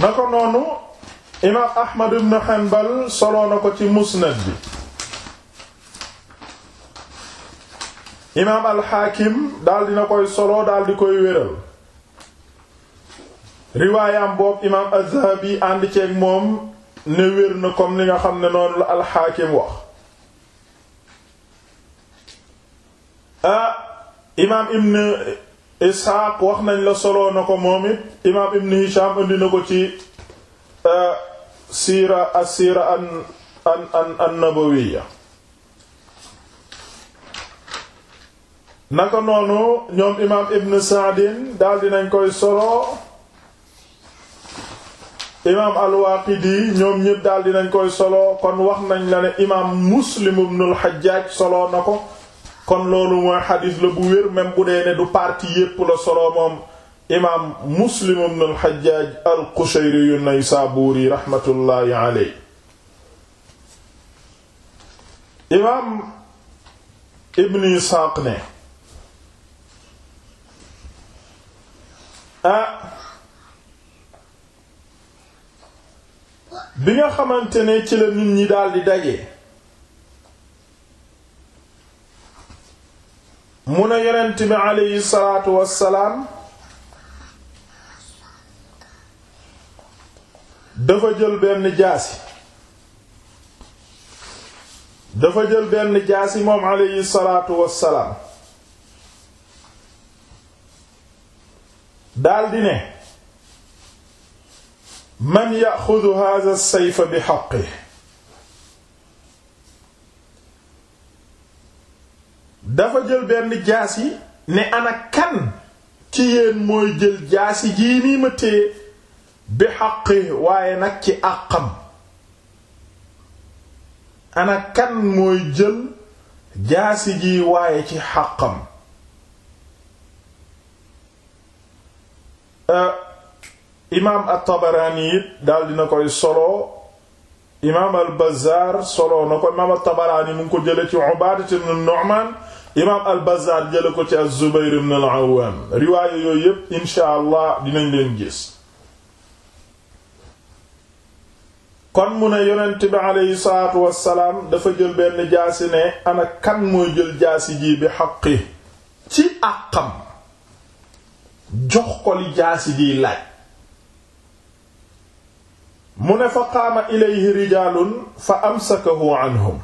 S1: na ko noonu imaam ahmad ibn hanbal solo na ko ci musnad bi imaam alxaakim daal dina koy solo daal di koy wéral riwaayam boobu imaam az-Zahabi ànd ceeg moom ne wér na comme ni nga xam ne noonu la alxaakim wax ah imaam ibn isxaaq wax nañ la solo na ko moom it imaam ibn hisham indi ko ci ah, siira as-siira an an naka noonu ñoom imaam ibn saadin daal dinañ koy solo imaam al-Waaqidi ñoom ñëpp daal nañ koy solo kon wax nañ la ne imaam muslim ibnul Hajjaaj solo na ko kon loolu mooy xadis la bu wér même bu dee ne du parti yépp la solo moom imaam muslim ibnul Hajjaaj al-Qushayri yu Naysaabuuri raxmatullaahi aley imaam ibn Isxaaq ne Ah. bi nga xamante ne ci la nit ñi daldi daje mu ne yonent bi aleyhi salaatu wassalaam dafa jël benn jaasi dafa jël benn jaasi moom aleyhi salaatu wassalaam daldi ne man yaxudu hadha sayfa bi xaqi dafa jël benn jaasi yi ne ana kan ci yéen mooy jël jaasi jii nii ma téye bi xaqi waaye nag ci àqam ana kan mooy jël jaasi jii waaye ci xaqam Euh, imaam at-Tabarani it daal dina koy solo imaam al-Bazzar solo na ko imaam at-Tabarani mu ko jële ci Ubaada ibn Nu'man imaam al-Bazzar jële ko ci az-Zubayr ibn al-Awwam riwaaya yooyu yépp insha allah dinañ leen gis kon mu ne yonent bi aleyhi salaatu wassalaam dafa jël benn jaasi ne ana kan mooy jël jaasi ji bi xaqi ci àqam jox ko li jaasi jiy laaj mu ne fa qaama ilayhi rijaalun fa amsakahu anhum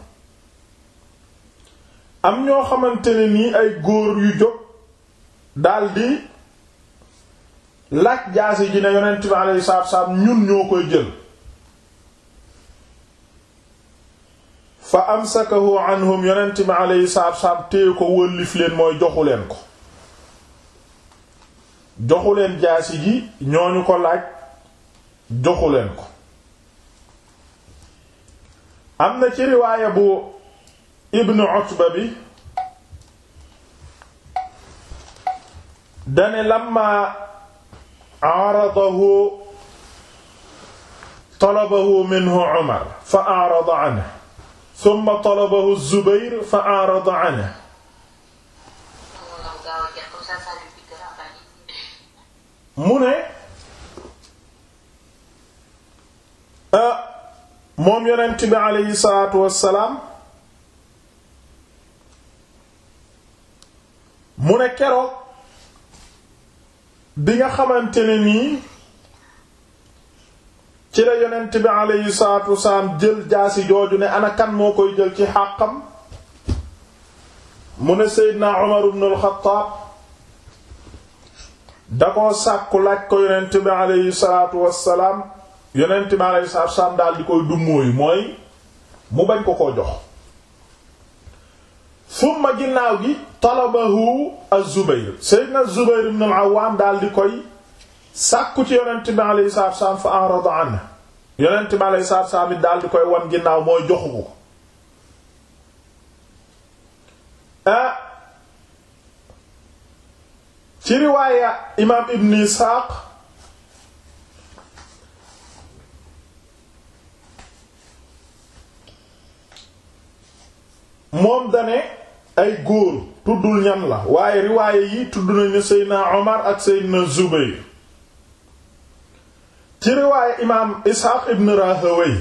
S1: am ñoo xamante ne nii ay góor yu jóg daldi laaj jaasi ji ne yonent bi alayhi salaatu wa salaam ñun ñoo koy jël fa amsakahu anhum yonent bi alayhi salaatu wa salaam ko wëllif leen mooy joxu leen ko joxu leen jaasi ji ko laaj joxu ko am na ci riwaaya bu ibnu Utba bi dane lamma aradahu talabahu minhu fa arada anhu thumma talabahu Zubayr fa arada anhu mu ne ah, moom yonent bi aleyhi salaatu wassalaam mu ne keroog bi nga xamante nii ci la yonent bi aleyhi salaatu wassalaam jël jaasi jooju ne ana kan moo koy jël ci xàqam mu ne Seydina Umar ibn al da koo sàkku laaj ko yonent bi aleyhi salaatu wassalaam yonent bi aleyhi salaatu wassalaam daal di koy dummóoyu mooy mu bañ ko koo jox summa ginnaaw gi talabahu az-Zubayr sayyidna Zubayr ibn al-Awwam daal di koy sàkku ci yonent bi aleyhi salaatu wassalaam fa arada an yonent bi aleyhi salaatu wassalaam it daal di koy wan ginnaaw mooy joxu ko ah ci riwaaya imaam ibn Isxaaq moom dane ay góor tuddul ñan la waaye riwaaya yi tudd nañu seydna Omar ak seydna Zubayr ci riwaaya imaam Isxaaq ibn Rahawey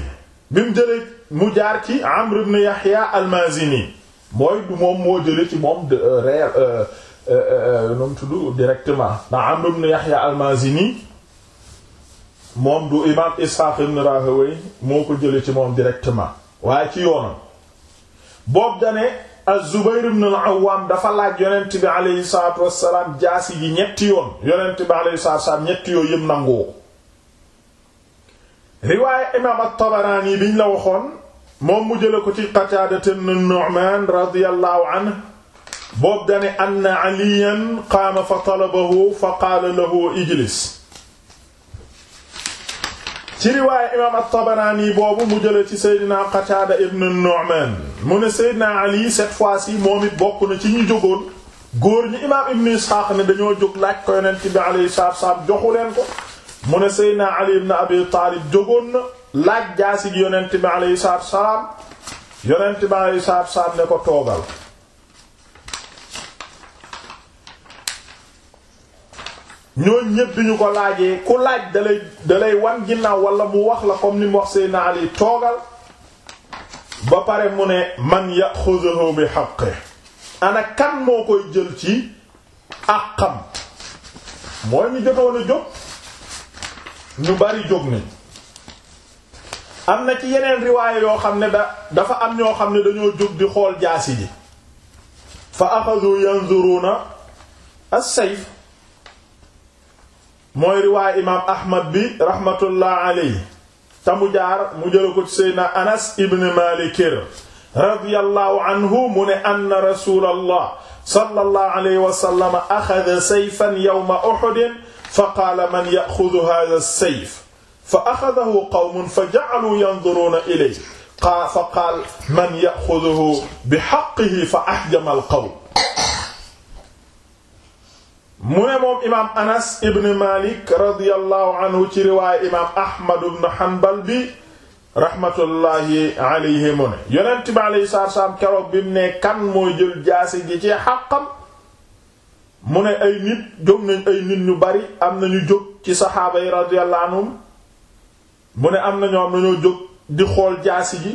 S1: bi mu jëlee mu jaar ci Amr ibn Yaxya al mooy du moom moo jële ci moom euh, euh, Euh, euh, euh, nu mu tudd directement ndax Amr ibn Yahya al-Mazini moom du imam Ishaq ibn Rahawayh moo ko jële ci moom directement waaye ci yoonam boobu dane az-Zubayr ibn al-Awwam dafa laaj yonent bi aleyhi salatu wasalaam jaasi ji ñetti yoon yonent bi aleyhi salatu wasalaam ñetti yooyu yëpp nangoo riwaaya imam at-Tabarani biñ la waxoon moom mu jële ko ci Qataadata ibn Nu'man radiyallahu anhu boobu dane anna aliyan qaama fa talabahu fa qaala lahu ijlis ci riwaaya imaam at-Tabaraani boobu mu jële ci Seydina Qataada ibn Nu'maan mu ne Seydina Ali cette fois-ci moom it bokk na ci ñu jógoon góor ñi imaam ibn Isxaaq ne dañoo jóg laaj ko yonent bi alayhi salaatu wassalaam joxu leen ko mu ne Seydina Ali ibn Abi Taalib jógoon na jaasi gi yonent bi alayhi salaatu ne ko toogal ñooñ ñépp bi ñu ko laajee ku laaj dalay dalay wan ginnaaw wala mu wax la comme ni mu wax Seydina Ali toogal ba pare mu ne man yaxuzuhu bi haqqi ana kan moo koy jël ci àqam mooy ñu jotoon jóg ñu bari jóg nañ am na ci yeneen riwaaya yoo xam ne dafa am ñoo xam ne dañoo jóg di xool jaasi ji fa axadu yanzuruna a sayf mooy riwaay imaam ahmad bi rahmatullah alayhi ta mu jaar mu jëla ko ci seydna anas ibn malikir radiyallahu anhu mu ne anna rasulallah sallallahu alayhi wa sallam axada sayfan yawma uhud fa qaala man yaxudu hada alsayf fa axadahu qawmun fa jacaluu yanduruuna ilayhi fa qaal man yaxuduhu bi xaqihi fa axjama alqawm mu ne moom imaam anas ibn malik radiyallahu ci riwaaya imaam ahmad ibn hanbal bi rahmatullahi alayhi mu ne yonent bi alayhi salaatu salaam keroog bi mu ne kan mooy jël jaasi ji ci xàqam mu ne ay nit jóg nañ ay nit ñu bari am na ñu jóg ci saxaaba yi radiyallahu anhum mu ne am na ñoom nañoo jóg di xool jaasi ji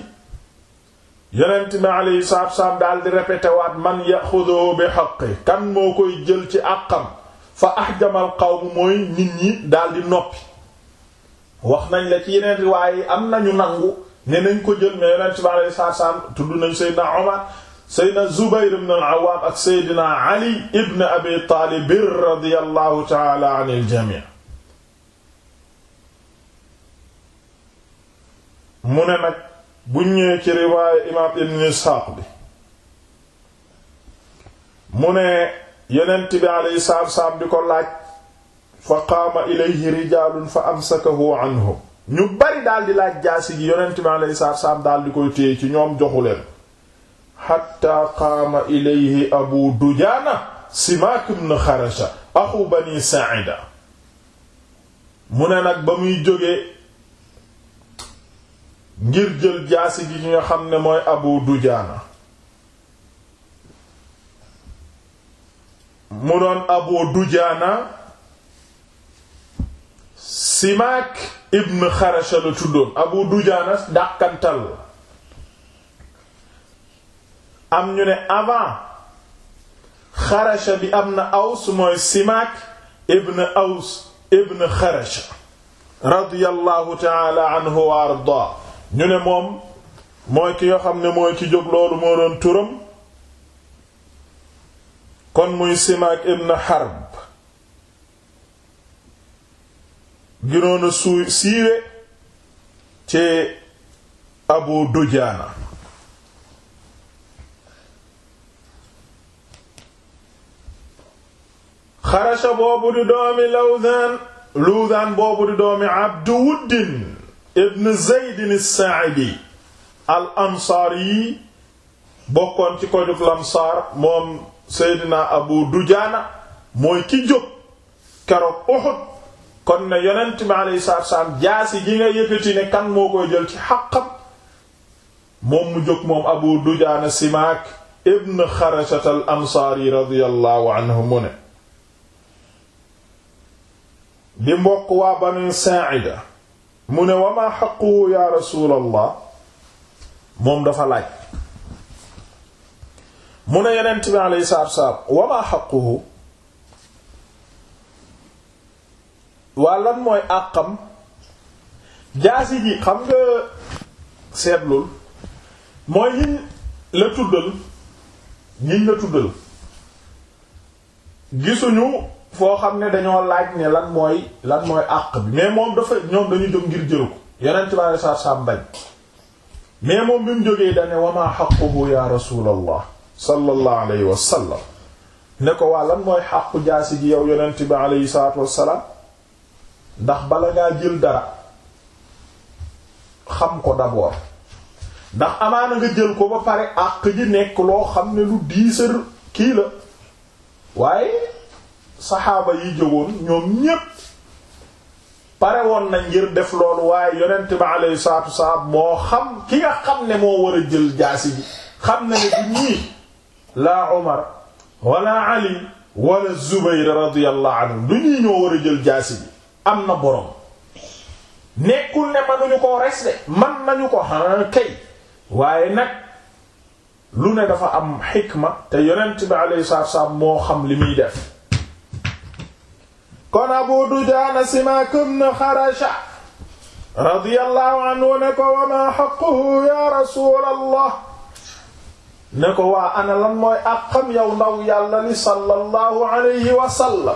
S1: yonent bi alayhi salaatu salaam daal di répété man yaxuduhu bi xaqi kan moo koy jël ci àqam fa ahjamal qawm mooy nit ñi daal di noppi wax nañ la ci yeneen riwaay yi am nañu nangu ne nañ ko jël mais yonent bi alayhi salaatu salaam tudd nañ Seydina Omar Seydina Zubayr ibn al-Awwam ak Seydina Ali ibn Abi Taalib radiyallahu ta'ala anil jamii mu ne nag bu ñëwee ci riwaayu imaam Ibn Isxaaq bi mu ne yonent bi alayhi salaatu salaam di ko laaj fa qaama ilayhi rijaalun fa amsakahu anhum ñu bari daal di laaj jaasi ji yonent bi alayhi salaatu salaam daal di koy téye ci ñoom joxu leen xatta qaama ilayhi abu dujaana simaak ibn xarasha axu bani saa'ida mu ne nag ba muy jóge ngir jël jaasi ji ñu nga xam ne mooy abu dujaana mu doon abu dujaana simaak ibn xarasha la tuddoon abu dujaana dàqantal am ñu ne avant xarasha bi am na aws mooy simaak ibn aws ibn xarasha radiyallahu taala ardaa ñu ne moom mooy ki yoo xam ne mooy ki jóg loolu moo doon turam kon muy Simaak ibn Harb ginoon a suu Abu Dujaana xarasha boobu di doomi Lawdaan Lawdaan boobu di doomi Abdu ibn Zaydin as-Saa'idi al-Ansaari yi bokkoon ci kojug Lamsaar moom Seydina Abu Dujaana mooy ki jóg keroog Uhud kon ne yonent bi alayhi salaatu salaam jaasi gi nga yëkkati ne kan moo koy jël ci xaqam moom mu jóg moom Abu Dujaana Simaak ibn Xarasat al Ansaari radiyallahu anhu mu ne di mbokk waa Banu Saa'ida mu ne wa maa xaquhu yaa rasuulallah moom dafa laaj mu ne yeneen bi alayhi salaatu wassalaam wa maa xaquhu waa lan mooy àqam jaasi ji xam nga seetlul mooy ñiñ la tuddal ñiñ la tuddal gisuñu foo xam ne dañoo laaj ne lan mooy lan mooy àq bi mais moom dafa ñoom dañu jóg ngir jël ko yonent bi alayhi salaatu wassalaam bañ mais moom bi mu jógee dane wa xaquhu ya rasulallah sallallahu alayhi wa sallam ne ko waa lan mooy xàqu jaasi ji yow yonent bi alayhi salaatu wassalaam ndax bala ngaa jël dara xam ko d'abord ndax amaana nga jël ko ba pare àq ji nekk loo xam ne lu diisar kii la waaye saxaaba yi jógoon ñoom ñépp pare woon na ngir def loolu waaye yonent bi alayhi salaatu wassalaam moo xam ki nga xam ne moo war a jël jaasi ji xam na ne du ñii laa Umar wala Ali wala Zubayr radiyallahu anhu du ñuy ñoo war a am na borom nekkul ne manuñu koo resle man nañu ko xanaa kay waaye nag lu ne dafa am xikma te yonent bi alayhi salaatu moo xam li muy def kon Abu Dujaana Simaak ibn Xarasha radiyallahu anhu ne ko wa maa haqquhu ya rasulallah ne ko waa ana lan mooy àqam yow ndaw yàlla li sallallahu alayhi wa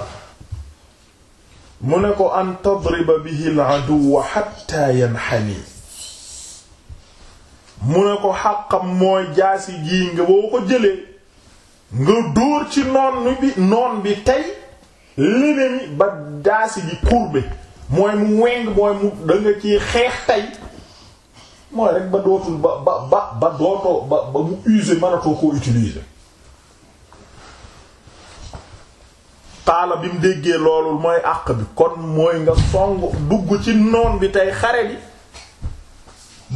S1: mu ne ko an tadriba bihi al-aduwwa hatta yanhani mu ne ko xàqam mooy jaasi jii nga boo ko jëlee nga dóor ci noon bi noon bi tey l'ennemi ba jaasi ji courbe mooy mu weng mooy mu da ciy xeex tey mooy rek ba dootul ba ba ba dootoo ba ba mu user mënatoo koo utiliser xaala bi mu déggee loolul mooy àq bi kon mooy nga song dugg ci noon bi tey xare bi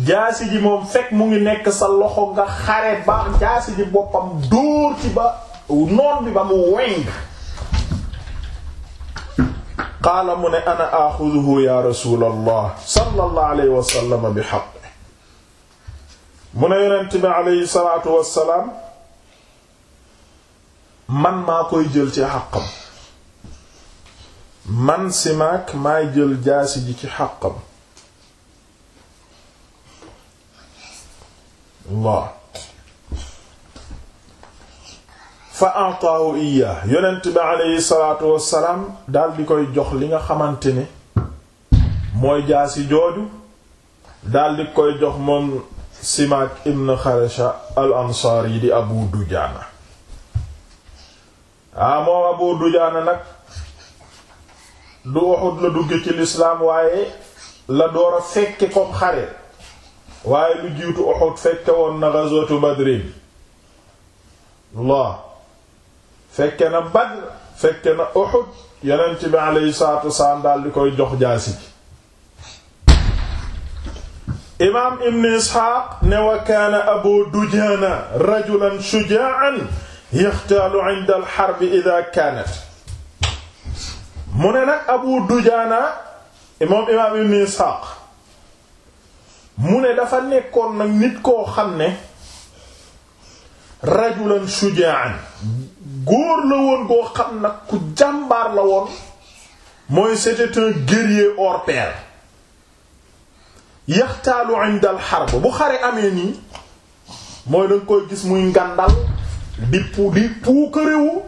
S1: jaasi ji moom fekk mu ngi nekk sa loxo nga xare ba jaasi ji boppam dóor ci ba noon bi ba mu weng qaala mu ne ana axuduhu ya rasul allah sallallahu bi haqq mu ne yonent bi aleyhi salaatu wassalaam man maa koy jël ci xaqam man simaak maay jël jaasi ji ci xàqam waaw fa ataahu iya yonent bi aleyhi salaatu wassalaam dal di koy jox li nga xamante ni mooy jaasi jooju dal di koy jox moom Simaak ibn Xarisha al ansaari di Abu Dujaana ah moom Abu Dujaana nag du Uhud la dugg ci lislaam waaye la door a fekke comme xare waaye lu jiitu Uhud fekke woon na gazwatu Badrin Allah fekke na Badr fekke na Uhud Yonent bi alayhi salaatu salaam daal di koy jox jaasi imaam ibn isxaaq ne wa kaana abu dujaana rajulan shujaa'an yaxtaalu inda alxarbi ida kaanat mu ne nag abu dujaana imaam ibn isxaaq mu ne dafa nekkoon nag nit koo xam ne rajulan shujaa'an góor la woon koo xam nag ku jàmbaar la woon mooy c'était un guerrier hors yaxtaalu inda al harb bu xare amee nii mooy danga koy gis muy ngàndal di pu di puukarewu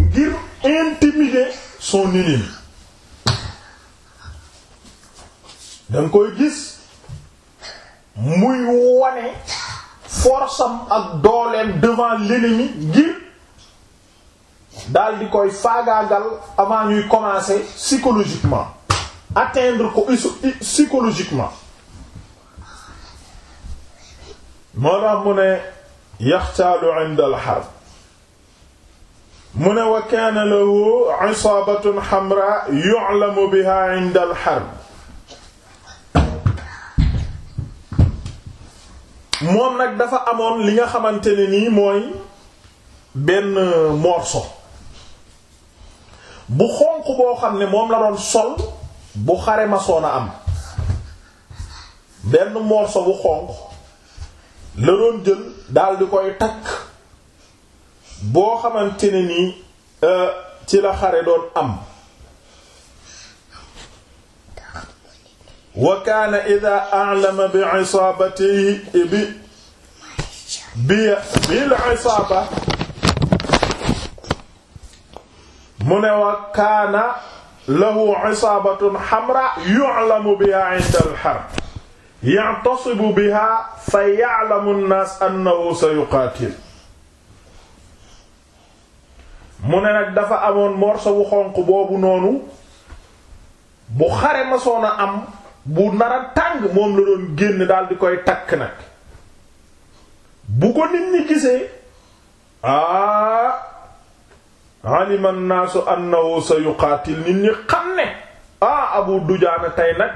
S1: ngir intimider son ennemi danga koy gis muy wane force am ak dooleem devant l'ennemi ngir daal di koy faagaagal avant ñuy commencer psychologiquement atteindre ko psychologiquement moo tax mu ne yaxtaadu inda mu ne wa kaana lahu isaabatun xamra yu'lamu biha inda alxarb moom nag dafa amoon li nga xamante ne nii mooy benn morso bu xonq boo xam ne moom la doon sol bu xare masoon a am benn morso bu xonq la doon jël daal koy takk boo xamante ne nii euh, ci la xare doon am wa kaana ida alama bi isaabatihi bi bi bil isaaba mu ne wa kaana lahu isaabatun xamra yu'lamu biha inda al harb ya'tasibu biha fa ya'lamu an-nas annahu sayuqaatil mu ne nag dafa amoon morso bu xonq boobu noonu bu xare ma soon a am bu nar a tàng moom la doon génn daal di koy takk nag bu ko nit ñi gisee aa alima an-naasu annahu sayuqaatil nit ñi xam ne aa Abu Dujaana tey nag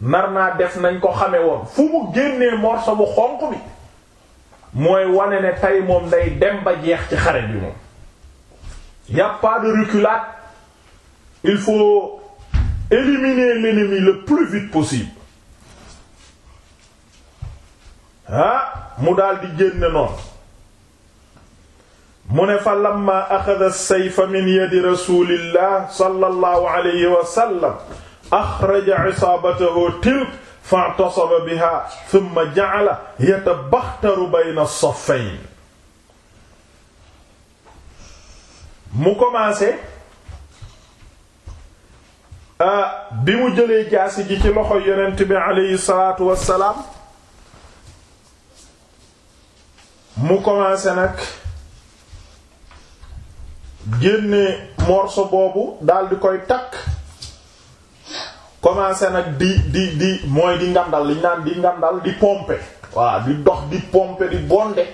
S1: narna def nañ ko xame woon fu mu génnee morso bu xonq bi mooy wane ne tey moom day dem ba jeex ci xare bi moom y a de reculade il faut éliminer l'ennemi le plus vite possible ah mu daal di génne noonu mu ne fa lamma axada as-sayfa yadi rasulillah sallallahu alayhi wa axraja isaabatahu tilka fa'tasaba biha thumma ja'ala yatabaxtaru bayna saffayn mu commencé euh, bi mu jëlee jaasi ji ci loxo yonent bi aleyhi salaatu wassalaam mu commencé nag génne morso boobu daldi koy takk commencé nag di di di mooy di ngandal di ngandal di pomper voilà di dox di pomper di bonde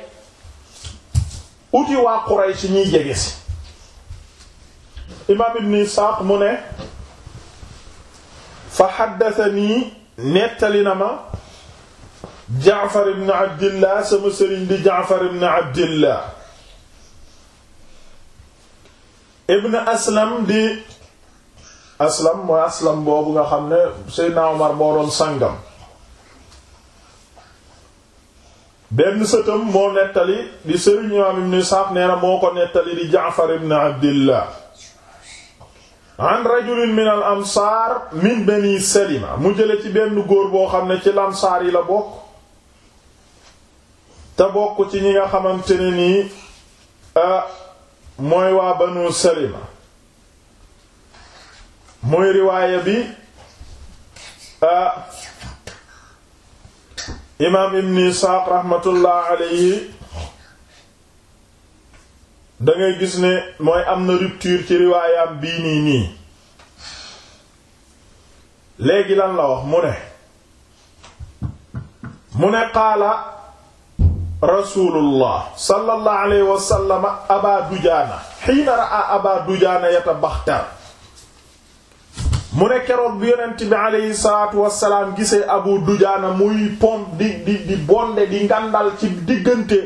S1: uti waa Quraysh ñuy jege ci imaam ibn Isaaq mu ne fa haddathanii nettali na ma Jaafar ibn Abdillah sama sëriñ di Jaafar ibn Abdillah ibn Aslam di aslam mooy aslam boobu nga xam ne Seydina Omar moo doon sangam benn sëtam moo nettali di sëriñ imaam ibn Isxaaq nee na moo ko nettali di Jaafar ibn Abdillah an rajulin min al min bani Salima mu jële ci benn góor boo xam ne ci lansaar yi la bokk te bokk ci ñi nga xamante ne nii ah, mooy waa banu Salima mooy riwaaya bi imaam ibn Isaaq rahmatullah alayhi da gis ni mooy am na rupture ci riwaayam bii nii nii léegi lan la wax mu ne mu ne qaala rasulullah sallallahu alayhi wa sallam dujaana xiina ra'a aba dujaana yatabaxtar mu ne keroog bi yonent bi aleyhi salaatu wassalaam gisee abu dujaana muy pompe di di bonde di ngandal ci diggante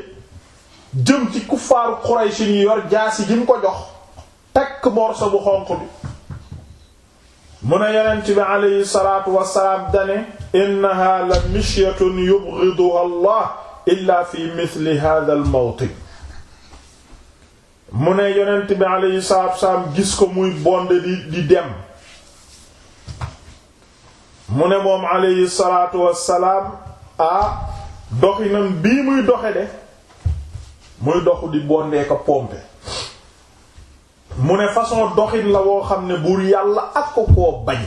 S1: jëm ci kuffaaru Quraysh yor jaasi ji mu ko jox takk morso bu xonq bi mu ne yonent bi aleyhi salaatu wassalaam dane innaha la mishyatun yubghiduha Allah illa fi mithli hadha al mu ne yonent bi aleyhi salaatu wassalaam gis ko muy bonde di dem mu ne moom aleyhi wassalaam a doxinam bii muy doxe de muy doxu di bondeeka pompe mu ne façon doxin la woo xam ne buur yàlla ak ko koo bañ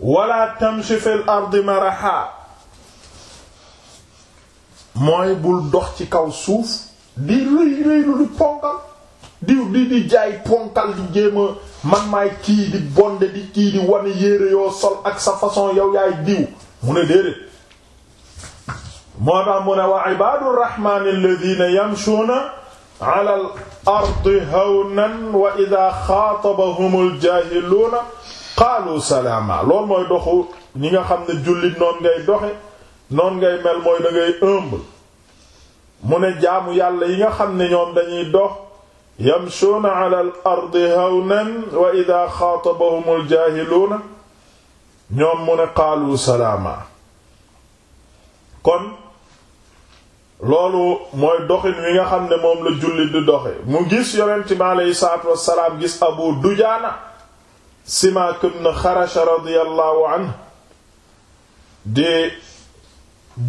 S1: wala tamshi fil ardi maraha mooy bul dox ci kaw suuf di rëy rëy lu lu ponkal diw di di jaay ponkal di jéem man maay kii di bonde di kii di wane yére yoo sol ak sa façon yow yaay diw mu ne déedéet moo tax mu ne wa ibaadu rahmaani alladina yamshuuna ala ardi hawnan wa ida xaatabahum aljahiluuna qaalu salaama loolu mooy doxu ñi nga xam ne jullit noon ngay doxe noon ngay mel mooy da ëmb mu ne jaamu yàlla yi nga xam ne ñoom dañuy dox yamshuuna ala al ardi hawnan wa ida xaatabahum aljahiluuna ñoom mu ne qaalu salaama kon loolu mooy doxin wi nga xam ne moom la jullit di doxe mu gis yonent bi aleyhi salaatu wassalaam gis abu dujaana simaak ibn xarasha radiyallahu anhu di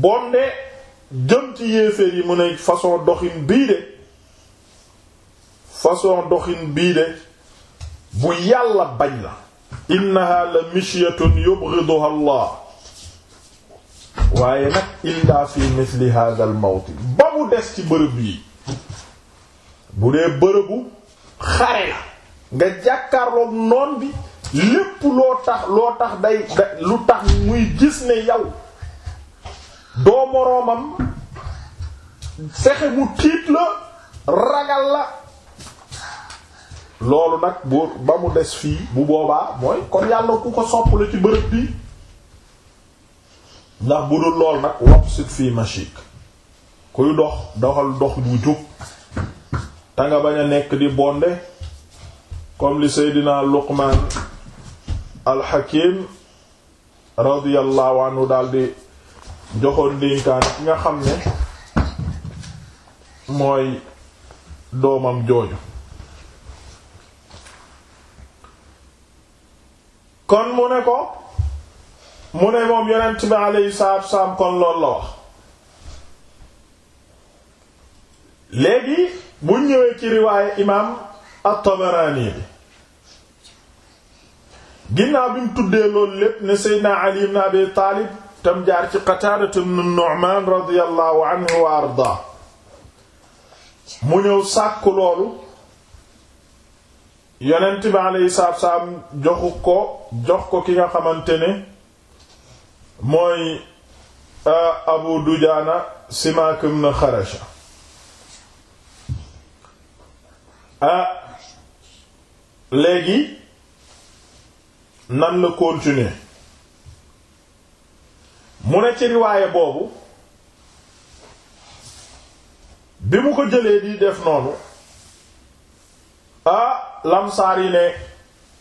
S1: bonde jëm ci yéeféer yi mu ne façon doxin bii de façon doxin bii de bu yàlla bañ la innaha la mishyatun yubghiduha Allah waaye nag illa fi mithli hadha al ba mu des ci bërëb yi bu dee bërëbu xare la nga jàkkaarloog noon bi lépp loo tax loo tax day lu tax muy gis ne yow doo moroomam fexe mu tiit la ragal la loolu nag boo ba mu des fii bu boobaa mooy kon yàlla ku ko sopp la ci bërëb bi ndax bu dul lool nag wapsit fii machik kuy dox doxal dox bu jub te nga bañ a nekk di bonde comme li seydina luqman alxakim radiyallahu anhu daldi joxoon ndénkaan ki nga xam ne mooy doomam jooju kon mu ne ko mu ne moom yonent bi alayhi salaatu wasalaam kon loolu la wax léegi bu ñëwee ci riwaaye imaam at-Tabaraani bi ginnaaw bi tuddee loolu lépp ne Seydina Ali ibn Abi Taalib tam jaar ci Qataadatu ibn Nu'maan radiyallahu anhu wa ardaa mu ñëw sàkku loolu yonent bi alayhi salaatu salaam joxu ko jox ko ki nga xamante ne mooy euh, Abu Dujaana Simaak ibn Xarasha a euh, léegi nan la continuer mu ne ci riwaaye boobu bi mu ko jëlee di def noonu ah lamsaar yi ne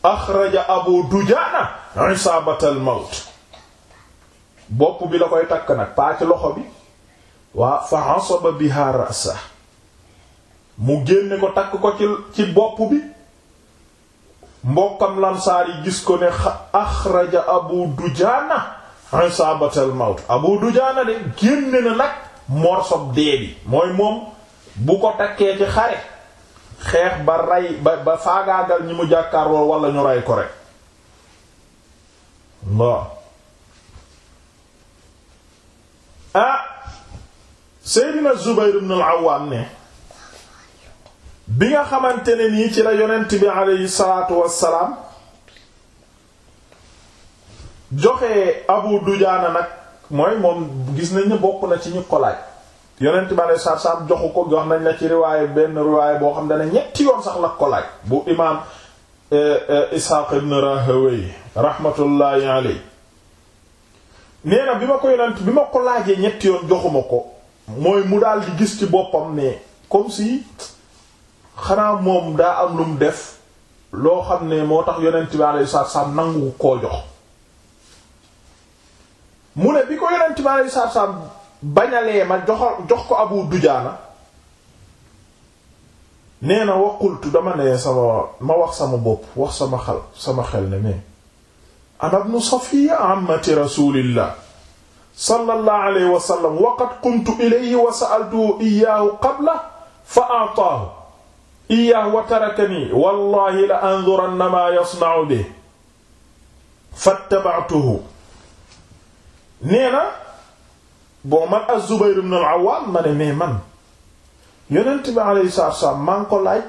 S1: axraja abu dujaana isaabatal mawt bopp bi la koy takk nag paa ci loxo bi waa fa asaba biha rasa mu génne ko takk ko ci ci bopp bi mbokkam lamsaar yi gis ko ne axraja abu dujaana isaabatal mawt abu dujaana de génne na nag morsob dee bi mooy moom bu ko takkee ci xare xeex ba rey ba ba faagaagal ñi mu jàkkaarloo wala ñu rey ko rek waaw ah Seydina Zubayr ibn al ne bi nga xamante ne nii ci la yonent bi aleyhi salaatu wassalaam joxe Abu Dujaana nag mooy moom gis nañ bokk na ci ñu ko yonent bi alei satu joxu ko wax nañ la ci riwaaya benn riwaaya boo xam dana ñetti yoon sax la ko laaj bu imaam eh, eh, Isxaaq ibn Rahawayh rahmatullahi alayhi nee bi ma ko yonent bi ma ko laajee ñetti yoon joxuma ko mooy mu daal di gis ci boppam ne comme si xanaa moom daa am lu mu def loo xam ne moo tax yonent bi alayhi salaatu salaam nangu koo jox mu ne bi ko yonent bi alayhi salaatu bañalee ma joxo jox ko abu dujaana nee na waqultu dama ne sama ma wax sama bopp wax sama xal sama xel ne ne ana ibnu safiya ammati rasulillah sallallahu alayhi wa sallam wa qad qumtu ilayhi wa sa'altuhu iyyahu qabla fa a'taahu iyyahu wa tarakani wallahi la anzuranna ma yasna'u bihi fattaba'tuhu nee na bon man az-Zubayr ibn al-Awwam ma ne mais man yonent bi alayhi salaatu wassalaam maa ngi ko laaj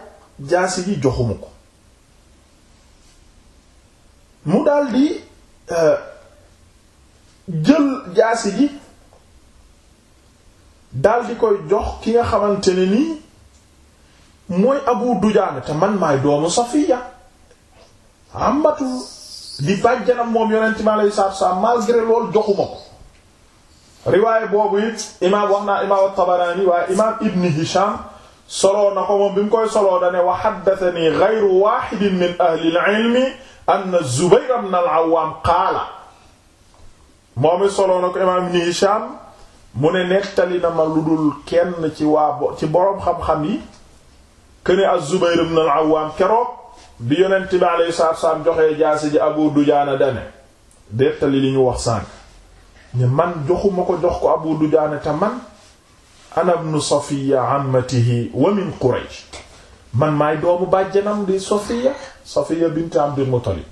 S1: jaasi ji joxuma ko mu daldi euh, jël jaasi ji daldi koy jox ki nga xamante ni nii mooy Abu Dujaana te man maay doomu Safiya amatu di bàjjanam moom yonent bi alayhi salaatu wassalaam malgré loolu joxuma ko riwaayé boobu it imaam wax naa imaam at-Tabarani waaye imaam Ibn Hisham soloo na ko moom bi mu koy soloo dane wax haddathani ghayru wahidin min ahli al anna Zubayr ibn al-Awwam qaala moom it soloo na ko imaam Ibn Hisham mu ne nettali na ma lu dul kenn ci waa ci boroom xam-xam yi këne az-Zubayr ibn al-Awwam keroog bi yonent bi alayhi salaatu wa salaam joxee jaasi ji Abu Dujaana dane nettali li ñu wax sànk man joxuma ko jox ko Abu Dujaana te man ana ibnu Safiya ammatihi wa min Quraysh man maay doomu bàjjanam di Safiya Safiya bint Abdul Muttalib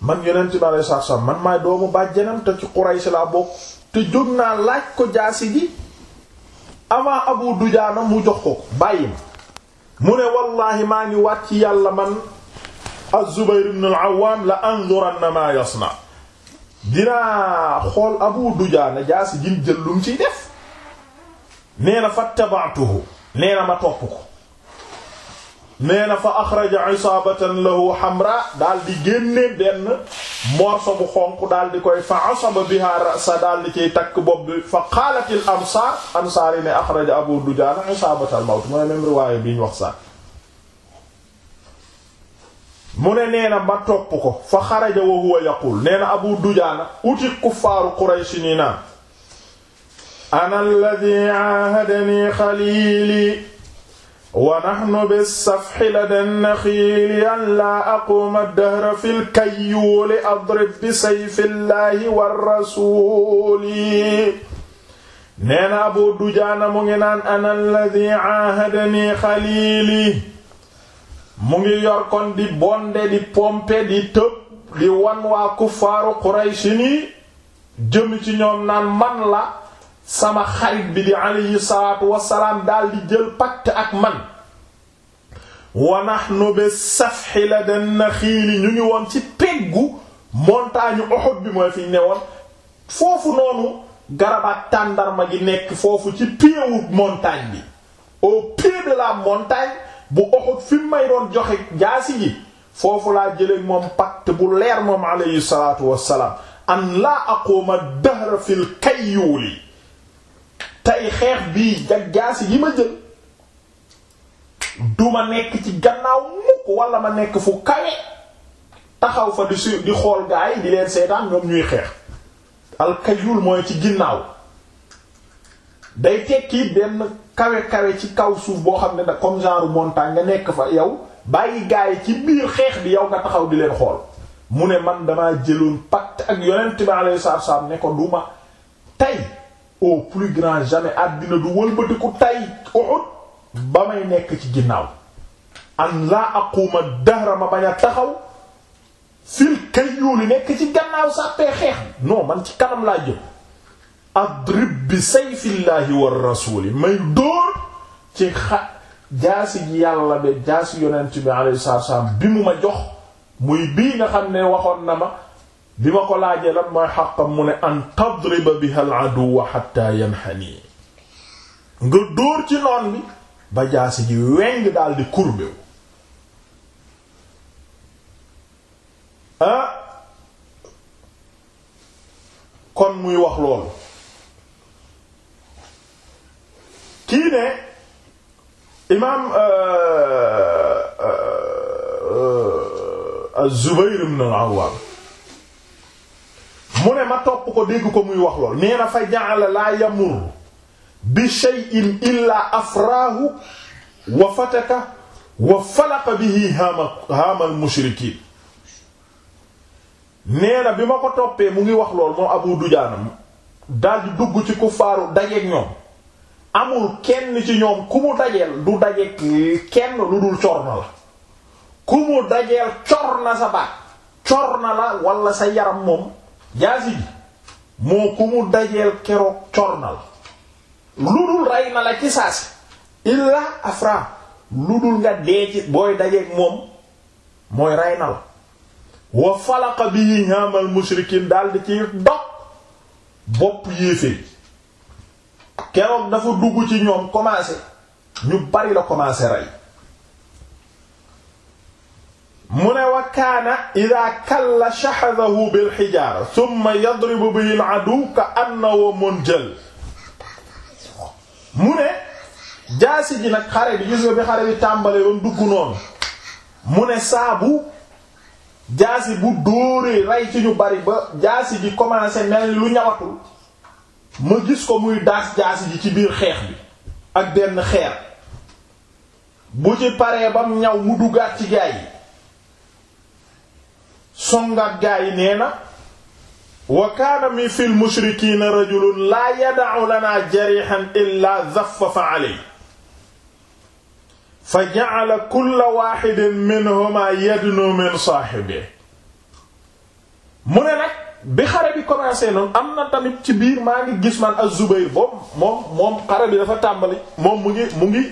S1: man yonent bi alei satu man maay doomu bàjjanam te ci Quraysh laa te jóg naa laaj ko jaasi ji avant Abu Dujaana mu jox ko bàyyi ma mu ne wallahi maa ngi wàcc yàlla man az-Zubayr ibn al-Awwam la anzuranna ma dinaa xool abu dujaana jaasi jim jël lum ciy def nee na fa tabaatuhu nee na ma topp ko nee na fa axraja isaabatan lahu xamra daal di génne benn morso bu xonq daal di koy fa asaba biha rasa daal di ciy takk bopp bi fa qaalatil ansaar ansaar yi ne axraja abu dujaana isaabatal mawt mooy même riwaaya bi ñu wax sax mu ne nee na ma topp ko fa xaraja wa huwa yaqul nee na abu dujaana uti kuffaaru quraysh nii naan ana alladhi ahadani xaliili wa nahnu bis-safhi lada naxiili an laa aquma dahra fil kayyuuli adrib bi sayfillaahi war rasuuli nee na abu dujaana mu ngi naan ana alladhi ahadani xaliili mu ngi yor kon di bonde di pompe di tëb di wan waa kuffaaru Quraysh ni jëm ci ñoom naan man la sama xarit bi di alayhi salaatu wassalaam daal di jël pacte ak man wa nahnu bi safhi lada naxiili ñu ngi woon ci peggu montagne Uhud bi mooy fi ne foofu noonu garabaat tàndarma gi nekk foofu ci pied wu bi au pied de la bu Uhud fi mu may doon joxe jaasi ji foofu laa jëlee moom pacte bu leer moom alayhi salaatu wassalaam an laa aquuma dahra fil kayyuuli tey xeex bii jag jaasi yi ma jël duma nekk ci gannaaw mukk wala ma nekk fu kawe taxaw fa di su di xool gaay di leen seetaan ñoom ñuy xeex al kayyuul mooy ci ginnaaw day tekki benn kawe kawe ci kaw suuf boo xam ne na comme genre montagne nga nekk fa yow bàyyi gaa yi ci biir xeex bi yow nga taxaw di leen xool mu ne man damaa jëloon pacte ak yonent bi alayhi salaam ne ko du ma tey au plus grand jamais àddina du wëlbatiku tey Uhud ba may nekk ci ginnaaw an laa aquuma dahra ma bañ a taxaw fil kayyuli nekk ci gannaaw sàppee xeex non man ci kanam laa jëm adrib bi sayfillaahi war rasuuli may dóor ci xa jaasi yàlla be jaasi yonent bi alayhi salaatu salaam bi mu ma jox muy bii nga xam ne waxoon na ma bi ma ko laajee lan mooy xàqam mu ne an tadriba biha al aduwa hatta yanhani nga dóor ci noon bi ba jaasi ji weng daal di kurbewu ah! kon muy wax loolu kii ne imaam euh, euh, euh, az-Zubayr ibn al-Awwam mu ne ma topp ko dégg ko muy wax lool nee na fa ja'ala laa yamur bi shay'in illaa afraahu wa fataka wa falaqa bihi haama haamal mushrikiin nee bi ma ko toppee mu ngi wax lool moom Abu Dujaana daldi dugg ci kuffaaru dajeek ñoom amul kenn ci ñoom ku mu dajeel du daje kenn lu dul cor na la ku mu dajeel cor sa baat cor na la wala sa yaram moom jaasi ji moo ku mu dajeel keroog cor na la lu dul rey na la ci saasi illa afra lu dul nga dee ci booy dajeeg moom mooy rey na la wa falaqa bi yi ñaamal mushrikiin daal di ci dog bopp yéefee keroog dafa dugg ci ñoom commencé ñu bari la commencé rey mu ne wa kaana ida kalla shahadahu bil xijaara summa yadribu bihi al adu ka annahu munjal mu ne jaasi ji nag xare bi gis nga bi xare bi tàmbalee woon dugg noonu mu ne saabu jaasi bu dóoree rey ci ñu bari ba jaasi ji commencé mel lu ñawatul ma gis ko muy daas jaasi ji ci biir xeex bi ak benn xeer bu ci paree bam ñaw mu duggaat ci gaay yi songaat gaay yi nee na wa kaana mi fi l mushrikiina rajulun laa yada'u lanaa jarihan illaa zaffafa aley fa ja'ala kulla waahidin minhumaa yadnu min saahibihi mu ne nag bi xare bi commencé noonu am na tamit ci biir maa ngi gis man az-Zubayr boobu moom moom xare bi dafa tàmbali moom mu ngi mu ngi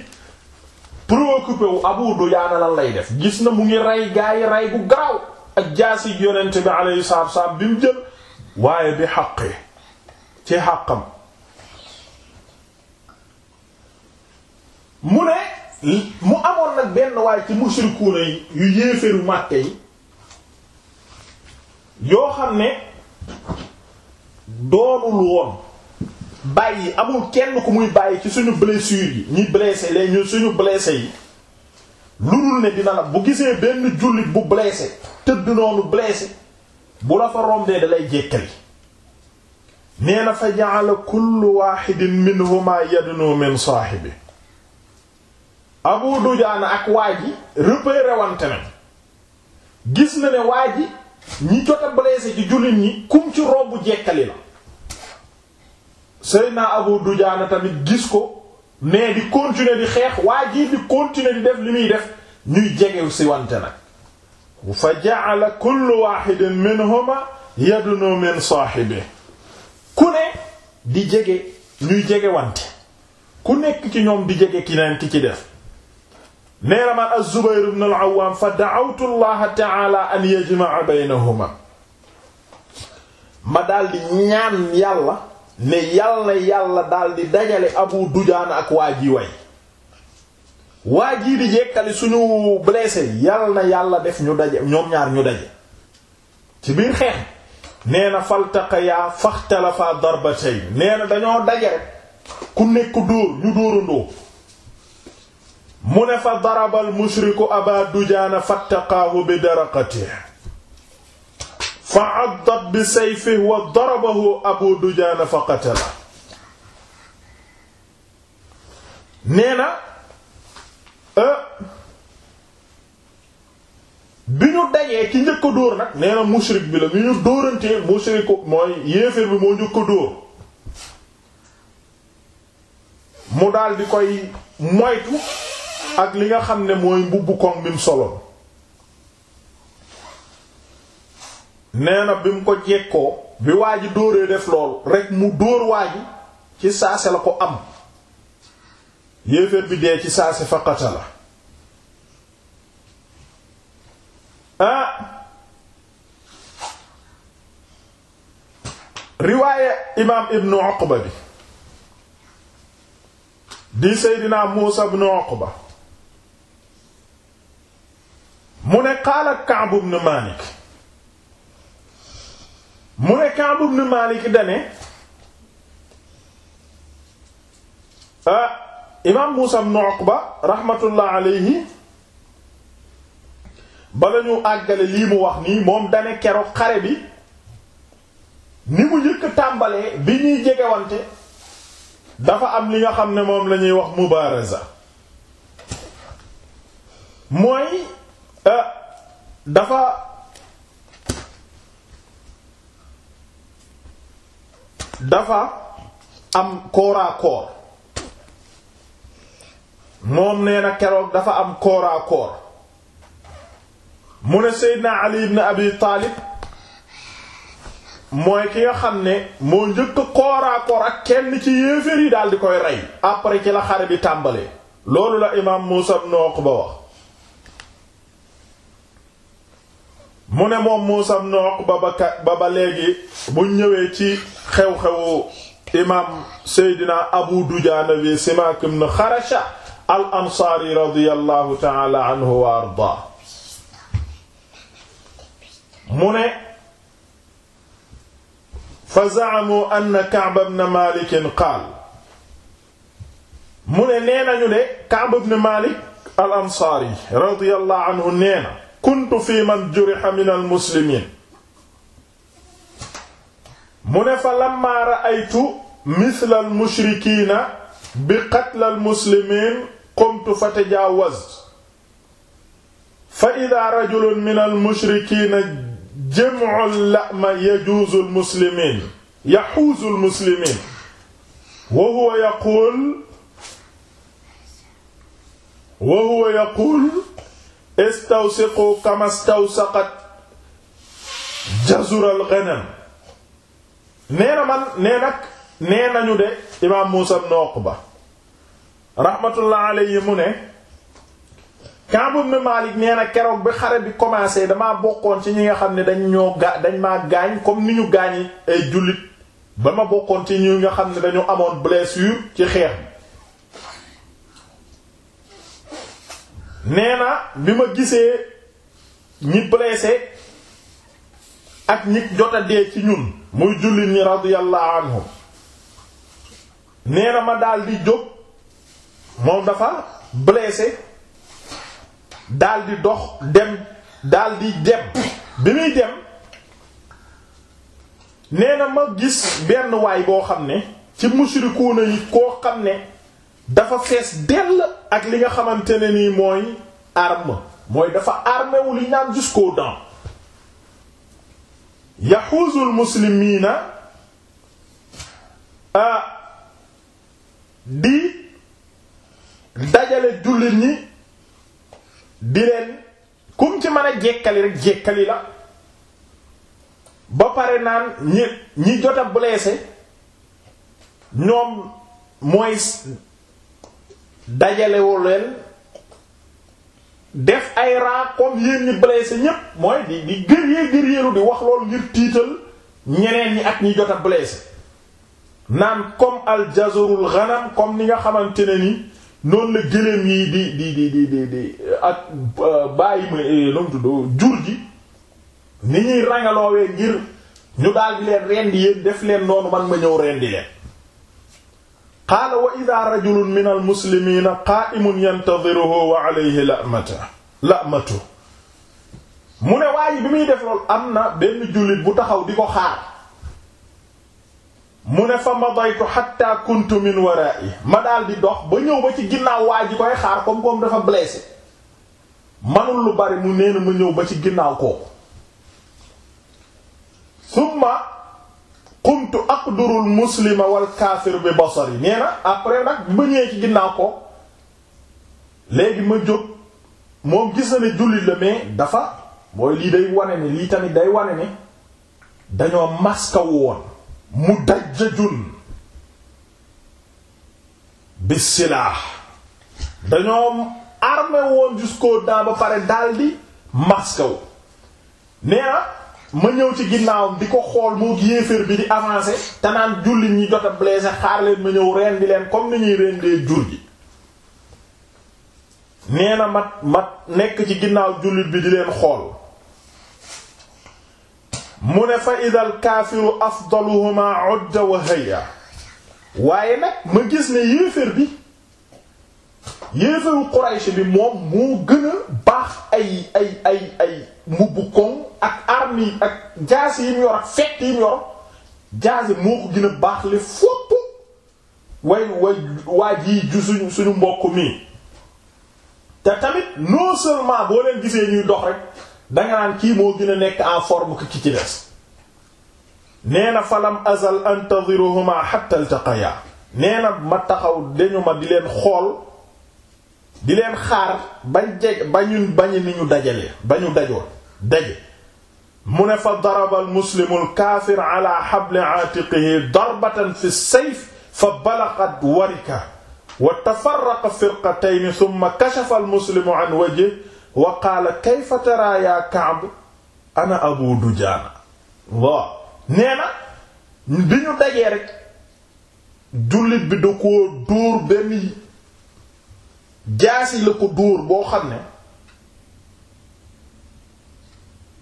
S1: préoccupé wu Abu Duyaana lan lay def gis na mu ngi rey gaa yi rey bu gaaw ak jaasi yonent bi alayhi salaatu salaam bi mu jël waaye bi xaqee ci xaqam mu ne mu amoon nag benn waaye ci mushrikuuna yi yu yéeféeru Màkka yi yoo xam ne doonul woon bàyyi amul kenn ku muy bàyyi ci suñu blessure yi ñi blessé les ñu suñu blessé yi lu dul ne dina la bu gisee benn jullit bu blessé tëdd noonu blessé bu la fa rombee dalay jékkali nee na fa ja'ala kullu wahidin minhuma yadnu min saahibi Abu Dujaana ak waa ji repéré wante nañ gis na ne waa ji ñi jot a blessé ci jullit ñi kum ci robb jekkali la Seydina Abu Dujaana tamit gis ko mais di continuer di xeex waa ji di continuer di def li muy def ñuy jegew si wante nag fa ja'ala kullu wahidin minhuma yadunu min saahibi ku ne di jege ñuy jege wante ku nekk ci ñoom di jege kineen ki ci def nee na man az-Zubayr ibn al fa da'awtu Allah ta'ala an yajma'a baynahuma ma daldi ñaan yàlla ne yàlla yàlla daal di dajale abu dujaana ak waa ji way waa jii di yekkali suñu blessé yàlla na yàlla def ñu daje ñoom ñaar ñu daje ci biir xeex nee na faltaqayaa faxtalafa darbatayn nee na dañoo daje ku nekk dóor ñu dóorandoo mu ne fa darabal mushriku aba dujaana fattaqaahu bi daraqatihi fa addat bi sayfihi wa darabahu abu dujaana fa qatala nee na euh, bi ñu dajee ki njëkk a dóor nag nee na mushrik bi la bi ñu dóorantee mushrik mooy yéeféer bi moo njëkk a dóor mu daal koy moytu ak li nga xam ne mooy mbubbu koŋ bi soloon nee na bi mu ko jekkoo bi waa ji dóoree def lool rek mu dóor waa ci saase la ko am yéeféer bi dee ci saase faqata la ah riwaaye imaam ibnu Uqba bi di seydinaa Muusa ibnu Uqba mu ne qaala Ka'b ibnu Maalik mu ne Kaab ibn Maalik dane ah imaam Muusaa ibn Uqba rahmatullah alayhi bala ñu àggale lii mu wax nii moom dane keroog xare bi ni mu njëkk tàmbalee bi ñuy jegewante dafa am li nga xam ne moom lañuy ñuy wax mubaaraza mooy ah, dafa dafa am kooraakoor moom nee na keroog dafa am kooraakoor mu ne Seydina Ali ibn Abi Taalib mooy ki nga xam ne moo njëkk kooraakoor ak kenn ci yéeféer yi daal di koy rey après ci la xare bi tàmbalee loolu la imaam Muusa ibn Uqba wax mu ne moom Muusaa ibn Uqba ba ba léegi bu ñëwee ci xew-xewu imaam Seydina Abu Dujaana bi Simaak ibn Xarasha al ansaari radiyallahu taala anhu wa ardaa mu ne fa za'amu anna Ka'b ibn Maalik qaal mu ne nee nañu de Ka'b ibn Maalik al ansaari radiyallahu anhu nee na kuntu fi man juriha min al muslimin mu ne fa lamma ra'aytu mithla al mushrikiina bi qatl al muslimiin qumtu fa tajaawaztu fa idaa rajulun min al mushrikiina jam'u la'ma yajuuzu al muslimiin yahuuzu al muslimiin wa huwa yaquul wa huwa yaquul istawsiqu kama stawsaqat jazural ghanam nee na man nee nag nee nañu de imaam Muusa ba Uqba rahmatullah yi mu ne Kaab ibn Malik nee na keroog bi xare bi commencé dama bokkoon ci ñi nga xam ne dañ ñoo ga maa gaañ comme ni ñu gaañi ay jullit ba ma bokkoon ci ñi nga xam ne dañu amoon blessure ci xeex bi neena na bi ma gisee ñi blessé ak ñi jot ci ñun muy jullit ñi radiyallahu anhum nee ma daldi di jóg moom dafa blessé daldi dox dem daal di dem bi muy dem nee ma gis benn waay boo xam ne ci mushrikuuna yi koo xam ne dafa fees dell ak li nga xamante ne nii mooy arme mooy dafa armé wu li naan jusqu'aux dents yaxuusul muslimiina a ah, di dajale jullit ñi di leen kum ci mën a jekkali rek jekkali la ba pare naan ñi ñi jot a ñoom mooy dajalewu leen def ay raa comme yéen ñi blessé ñépp mooy di di gëree gëreelu di wax loolu ngir tiital ñeneen ñi ak ñi jot a blessé naan comme aljazarul ghanam comme ni nga xamante ne ni noonu la gëléem yi di di di di di di ak euh, bàyyi ma lomu euh, tudd jur gi ni ñuy rangaloowee ngir ñu daal leen rendi yéen def leen noonu man ma ñëw rendi leen qaala wa ida rajulun min almuslimina qaaimun yantadiruhu wa alayhi lamatu lamatu mu ne waaye bi muy def lool am na benn jullit bu taxaw di ko xaar mu ne fa madaytu hatta kuntu min wara'i ma daal di dox ba ñëw ba ci ginnaaw waa ji koy xaar koom comme dafa blessé manul lu bari mu nee ma ñëw ba ci ginnaaw kooku summa qumtu aqdurul muslima wal kaafir bi basari nee na après nag bi ma ñëwee ci ginnaaw ko léegi ma jóg moom gis na ni jullit la mais dafa mooy lii day wane ne lii tamit day wane ne dañoo maska woon mu dajjajun bi silah dañoo armé woon jusqu'aux dents ba pare daldi maska wu nee na ma ñëw ci ginnaaw di ko xool moo yéeféer bi di avancé te naan jullit ñi jot a blessé xaar leen ma ñëw rendi leen comme ni ñuy rendee jur gi nee na mat mat nekk ci ginnaaw jullit bi di leen xool mu ne fa idal kaafiru afdaluhuma odda wa haya waaye nag ma gis ne yéeféer bi yéeféeru Quraysh bi moom moo gën a baax ay ay ay ay mbubb koŋ ak armes ak jaas yi mu yor ak fett yi mu yor jaase moo ko gën baax le fopp way way waa ji ju suñu mbokk mi te tamit non seulement boo leen gisee ñuy dox rek danga naan kii moo gën nekk en forme que ki ci des nee na falam azal antadiruhuma hatta iltaqaya nee na ma taxaw dañu ma di leen xool di leen xaar bañ jeg bañun bañ ni ñu dajale ba ñu dajoon daje mu ne fa daraba almuslimu alkaafir ala xabli aatiqihi darbatan fi sayf fa balaqat warika wa tafaraqa firqatayni summa kashafa almuslimu an wajhi wa qaala kayfa taraa yaa Ka'b ana abu dujaana waaw nee na bi ñu dajee rek jullit bi da koo dóor benn jaasi la ko dóor boo xam ne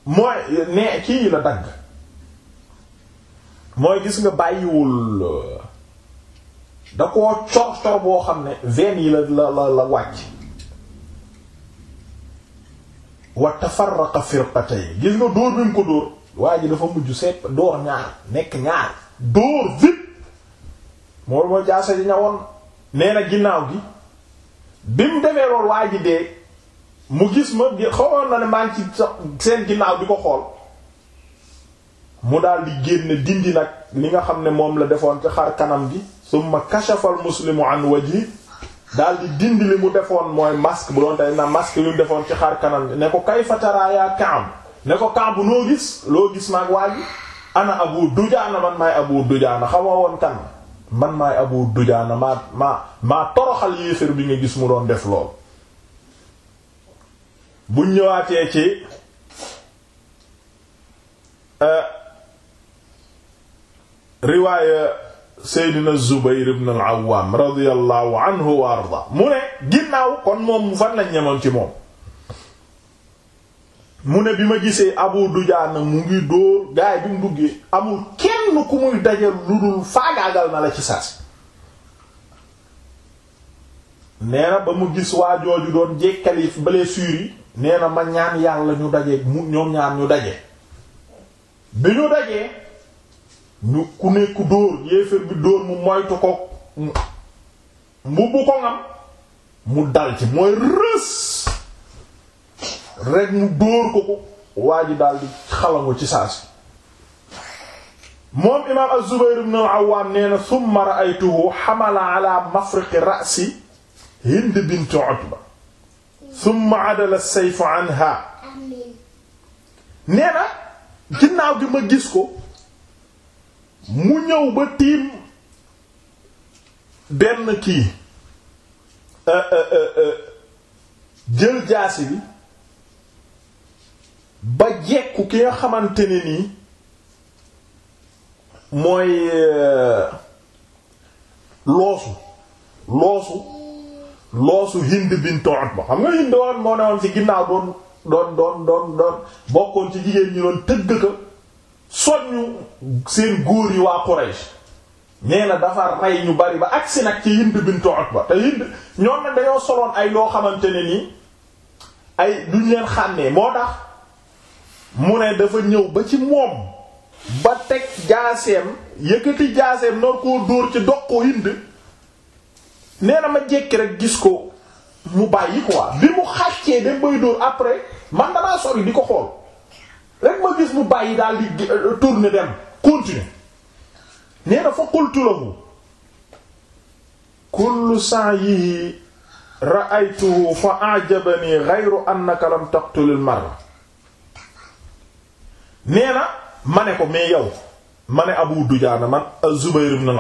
S1: mooy ne kii yi la dagg mooy gis nga bàyyiwul da koo cor cor boo xam ne ven yi la la la la wàcc wa tafarraqa firqatay gis nga dóor bi mu ko dóor waa ji dafa mujj seet dóor ñaar nekk ñaar dóor vite moolu moo jaasa ji ñawoon nee ginnaaw gi bi mu demee loolu waa ji dee mu gis ma xawoon na ne maa ci sa seen ginnaaw di ko xool mu daal di génn dindi nag li nga xam ne moom la defoon ci xar kanam gi ma kashafal muslimu an wajhi daal di dindi li mu defoon mooy masque bu doon tey na masque li mu defoon ci xar kanam gi ne ko kayfa taraa yaa Kaab ne ko bu noo gis loo gis maag waa ji ana Abu Dujaana man maay Abu Dujaana xamoo woon kan man maay Abu Dujaana maa maa maa toroxal yéefér bi nga gis mu doon def lool bu ñëwaatee ci euh, riwaaya Seydina Zubayr ibn al-Awwam anhu wa arda mu ne ginnaaw kon moom fan lañ ñemoon ci moom mu ne bi ma gisee Abu Dujaana mu ngi dóor gaay bi mu duggee amul kenn ku muy dajal lu dul faagaagal na la ci saas nee na ba mu gis waa jooju doon jekkali blessure yi nee na ma ñaan yàlla ñu daje mu ñoom ñaar ñu daje bi ñu dajee ñu ku nekku dóor yéeféer bi dóor mu moytu ko mbubbu ko ngam mu dal ci mooy rës rek mu dóor ko ko waa ji daal di xalangu ci saasi moom imaam az-Zubayr ibn al-Awwam nee na summa ra'aytuhu hamala ala mafriqi ra'si Hind bint Utba summa adala sayfu anha nee na ginnaaw gi ma gis ko mu ñëw ba tiim benn kii euh, euh, euh, jël jaasi bi ba jekku ki nga xamante ni nii mooy loosu loosu loosu Hind bint Utba xam nga Hind woon moo ci ginnaaw doon doon doon doon bokkoon ci jigéen ñi doon tëgg ka soññu góor yi waa Quraysh nee na dafa rey ñu bari ba agsi nag ci Hind bint Utba te Hind ay loo xamante ne nii ay duñ leen moo tax mu ne dafa ñëw ba ci moom ba teg jaaseem yëkkati jaaseem noor koo dóor ci doq ko Hind nee na ma jékki rek gis ko mu bàyyi quoi bi mu xàccee dem bay dóor après man damaa sori di ko xool rek ma gis mu bàyyi daal di euh, tourner dem continuer nee na fa qultu lahu kullu sa'yihi ra'aytuhu fa a'jabani ghayru annaka lam taqtul al-mar'a na ma ne ko mais yow ma ne Abu Dujaana man az-Zubayr ibn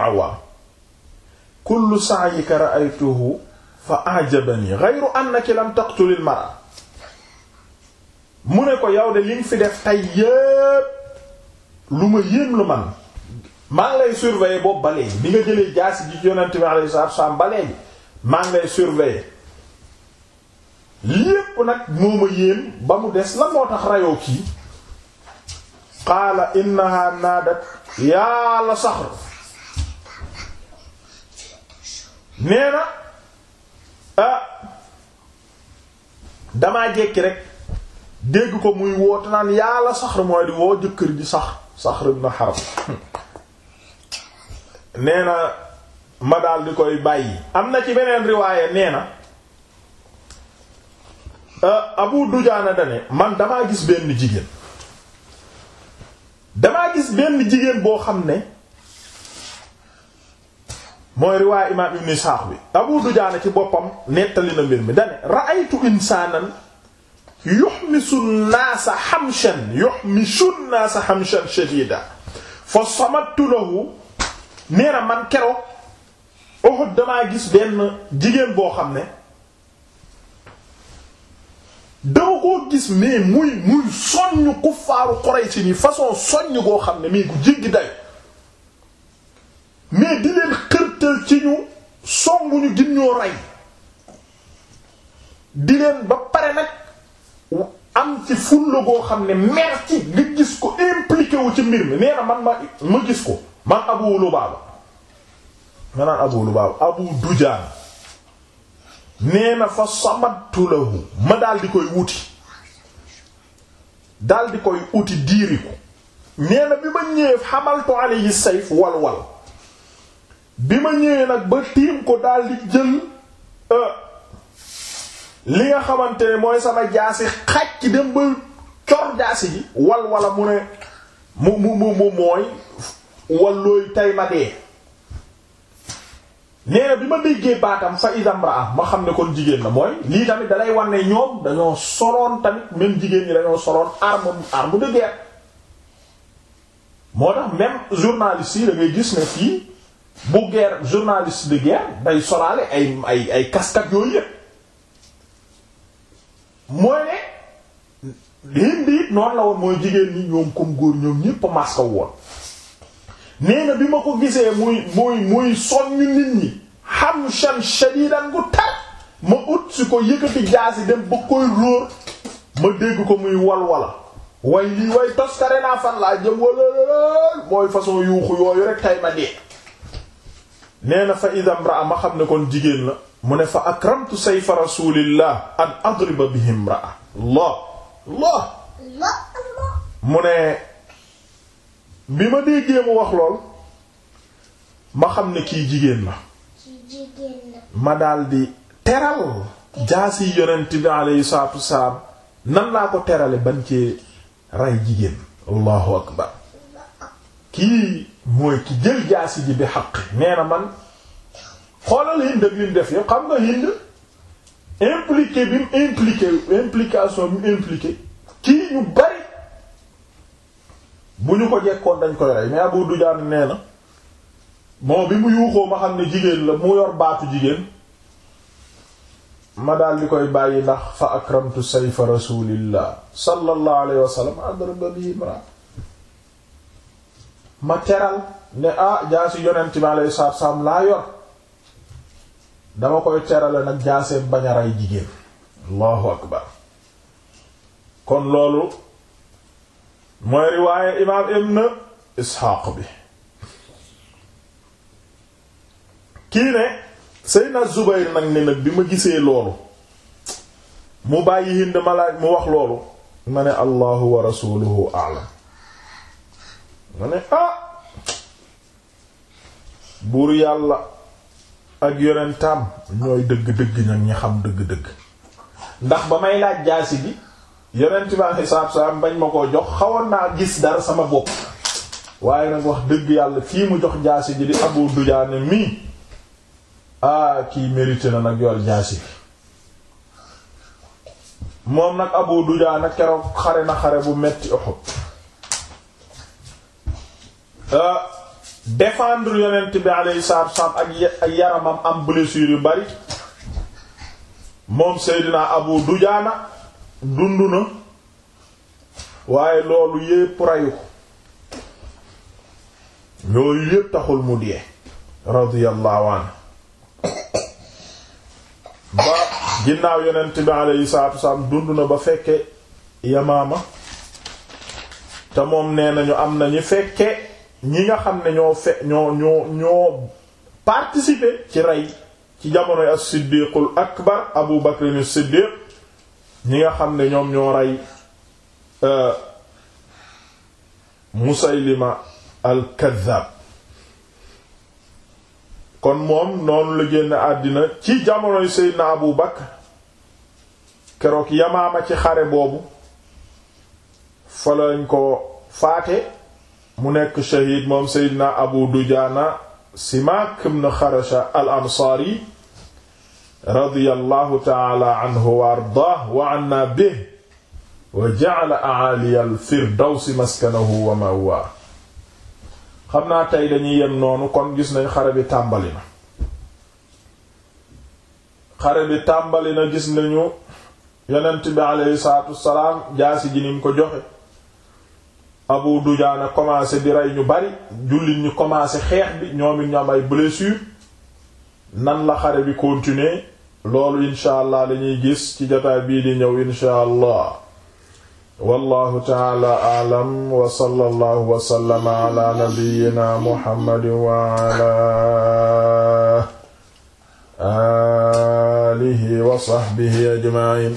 S1: kullu sa'yika ra'aytuhu fa ajabani ghayru annaki lam taqtulil mara mu ne ko yow de li fi def tey yépp lu ma yéem lu man maa ngi lay surveiller boobu ba léegi bi nga jëlee jaasi ji yonent bi alayhi salaatu wasallam ba léegi maa ngi lay surveiller lépp nag moo ma yéem ba mu des la moo tax rayoo kii qaala innaha naadat yaa la saxr nee na dama ah, damaa jekki rek dégg ko muy woote naan yàlla Saxr di woo jëkkër ji sax Saxr ibn Harb nee na ma daal di koy bàyyi am na ci beneen riwaaye nee na ah, Abu Dujaana dane man damaa gis benn jigéen damaa gis benn jigéen boo xam ne mooy riwaay imaam ibn Isaaq bi Abu Dujaana ci boppam nettali na mbir mi dane ra'aytu insaanan yuhmisu naasa hamshan yuhmisu naasa hamshan shadiida fa samattu lahu nee na man keroog Uhud damaa gis benn jigéen boo xam ne dama koo gis mais muy muy soññ kuffaaru Quraysh ni façon soññ boo xam ne mii ku jéggi day mais di leen xërtal ci ñu songu ñu gin ñoo rey di leen ba pare nag am ci fulla boo xam ne mer nga gis ko impliqué wu ci mbir mi nee na man ma gis ko man Abu Lubaaba nga naan Abu Lubaaba Abu Dujaan nee na fa samattu lahu ma daal di koy wuti daal di koy uti diiri ko nee na bi ma ñëwee xamaltu alayhi sayf walwal bi ma ñëwee nag ba tiim ko daal di jël euh, li nga xamante ne mooy sama jaasi xaj ci dem ba cor jaasi ji wal wala mu ne mu mu mu mu mooy wallooy tay ma dee nee bi ma déggee baatam fa idam raa ma xam ne kon jigéen la mooy lii tamit dalay wan ne ñoom dañoo soloon tamit même jigéen ñi dañoo soloon arme arme de guerre moo tax même journaliste yi da gis ne fii bu guerre journaliste de guerre day solaale ay ay ay casquette yooyu yëpp mooy ne Hindi it noonu la woon mooy jigéen ñi ñoom góor ñoom ñépp a masque woon bi ma ko gisee muy muy muy soññu nit ñi hamshan shadidan gu tar ma ut si ko yëkkati jaasi dem ba koy róor ma dégg ko muy walwala way lii way toskare naa fan laa jëm wala mooy façon yuuxu yooyu rek tay ma dee nee na fa idam raa ma xam ne kon jigéen la mu ne fa akramtu sayfa rasulillah an adriba bihim raa Allah Allah mu ne bi ma déggee mu wax lool ma xam ne kii jigéen la ma daldi teral jaasi yonent bi alayhi salaatu wassalaam nan laa ko terale ban ci jigéen allahu akbar kii mooy ki jël jaasi ji bi xaq nee na man xoolal Hind ak lim def yëpp xam nga Hind impliqué bi mu impliqué implication kii ñu bari bu ñu ko jekkoon dañ koy rey mais Abu Dujaan nee na moom bi mu yuuxoo ma xam ne jigéen la mu yor baatu jigéen ma daal di koy bàyyi ndax fa akramtu sayfa rasulillah sallallahu alayhi wa sallam adraba bi imra ma teral ne ah jaasi yonent bi alayhi salaatu wassalaam laa yor dama koy terale nag jaaseem bañ a jigéen allahu akbar kon loolu mooy riwaaye imaam ibn isxaaq bi kii ne Seydina Zubayr nag ne nag bi ma gisee loolu mu bàyyi Hind ma laaj mu wax loolu ma ne allahu wa rasuluhu a'lam ma ne ah buur yàlla ak yonentam ñooy dëgg-dëgg ñag ñi xam dëgg-dëgg ndax ba may laaj jaasi bi yonent bi alei salatu salaam ma koo jox xawoon naa gis dara sama bopp waaye nag wax dëgg yàlla fii mu jox jaasi ji di Abu Dujaane mii ah kii mérité na nag yor jaasi bi moom nag Abu Dujaane keroog xare na xare bu metti Uhud Euh, défendre yonent bi alayhi salaatu wasalaam ak yaramam am blessure yu bari moom Seydina Abu Dujaana dund na waaye loolu yépp reyu loolu yépp taxul mu dee radiyallahu anhu ba ginnaaw yonent bi alayhi salaatu wasalaam dund na ba fekke Yamaama te moom nee nañu am na ñu fekke ñi nga xam ne ñoo fe ñoo ñoo ñoo ci rey ci jamonoy ak siddiqul akbar abu bakr as-siddiq ñi nga xam ne ñoom ñoo rey euh, musaylima al-kazzab kon moom noonu la génn àddina ci jamonoy seydna abu bakr keroog yamaama ci xare boobu fa lañ ko faate mu nekk shahid moom Seydina Abu Dujaana Simaak ibn Xarasha al ansaari radiyallahu taala anhu wa ardaah wa anna bihi wa ja'ala a'aaliya al firdawsi maskanahu wa ma'waahu xam naa tey dañuy yem noonu kon gis nañ xare bi tàmbali na xare bi tàmbali na gis nañu yonent bi aleyhi salaatu wassalaam jaasi ji ni mu ko joxe Abu Dujaana commencé di rey bari jullit ñu commencé xeex bi ñoom it ay blessure nan la xare bi continuer loolu incha allah lañuy gis ci jotaay bii di ñëw incha allah wallahu taala alam wa sallallahu wa sallama ala nabiyyina muhammadin wa ala alihi wa sahbihi ajma'in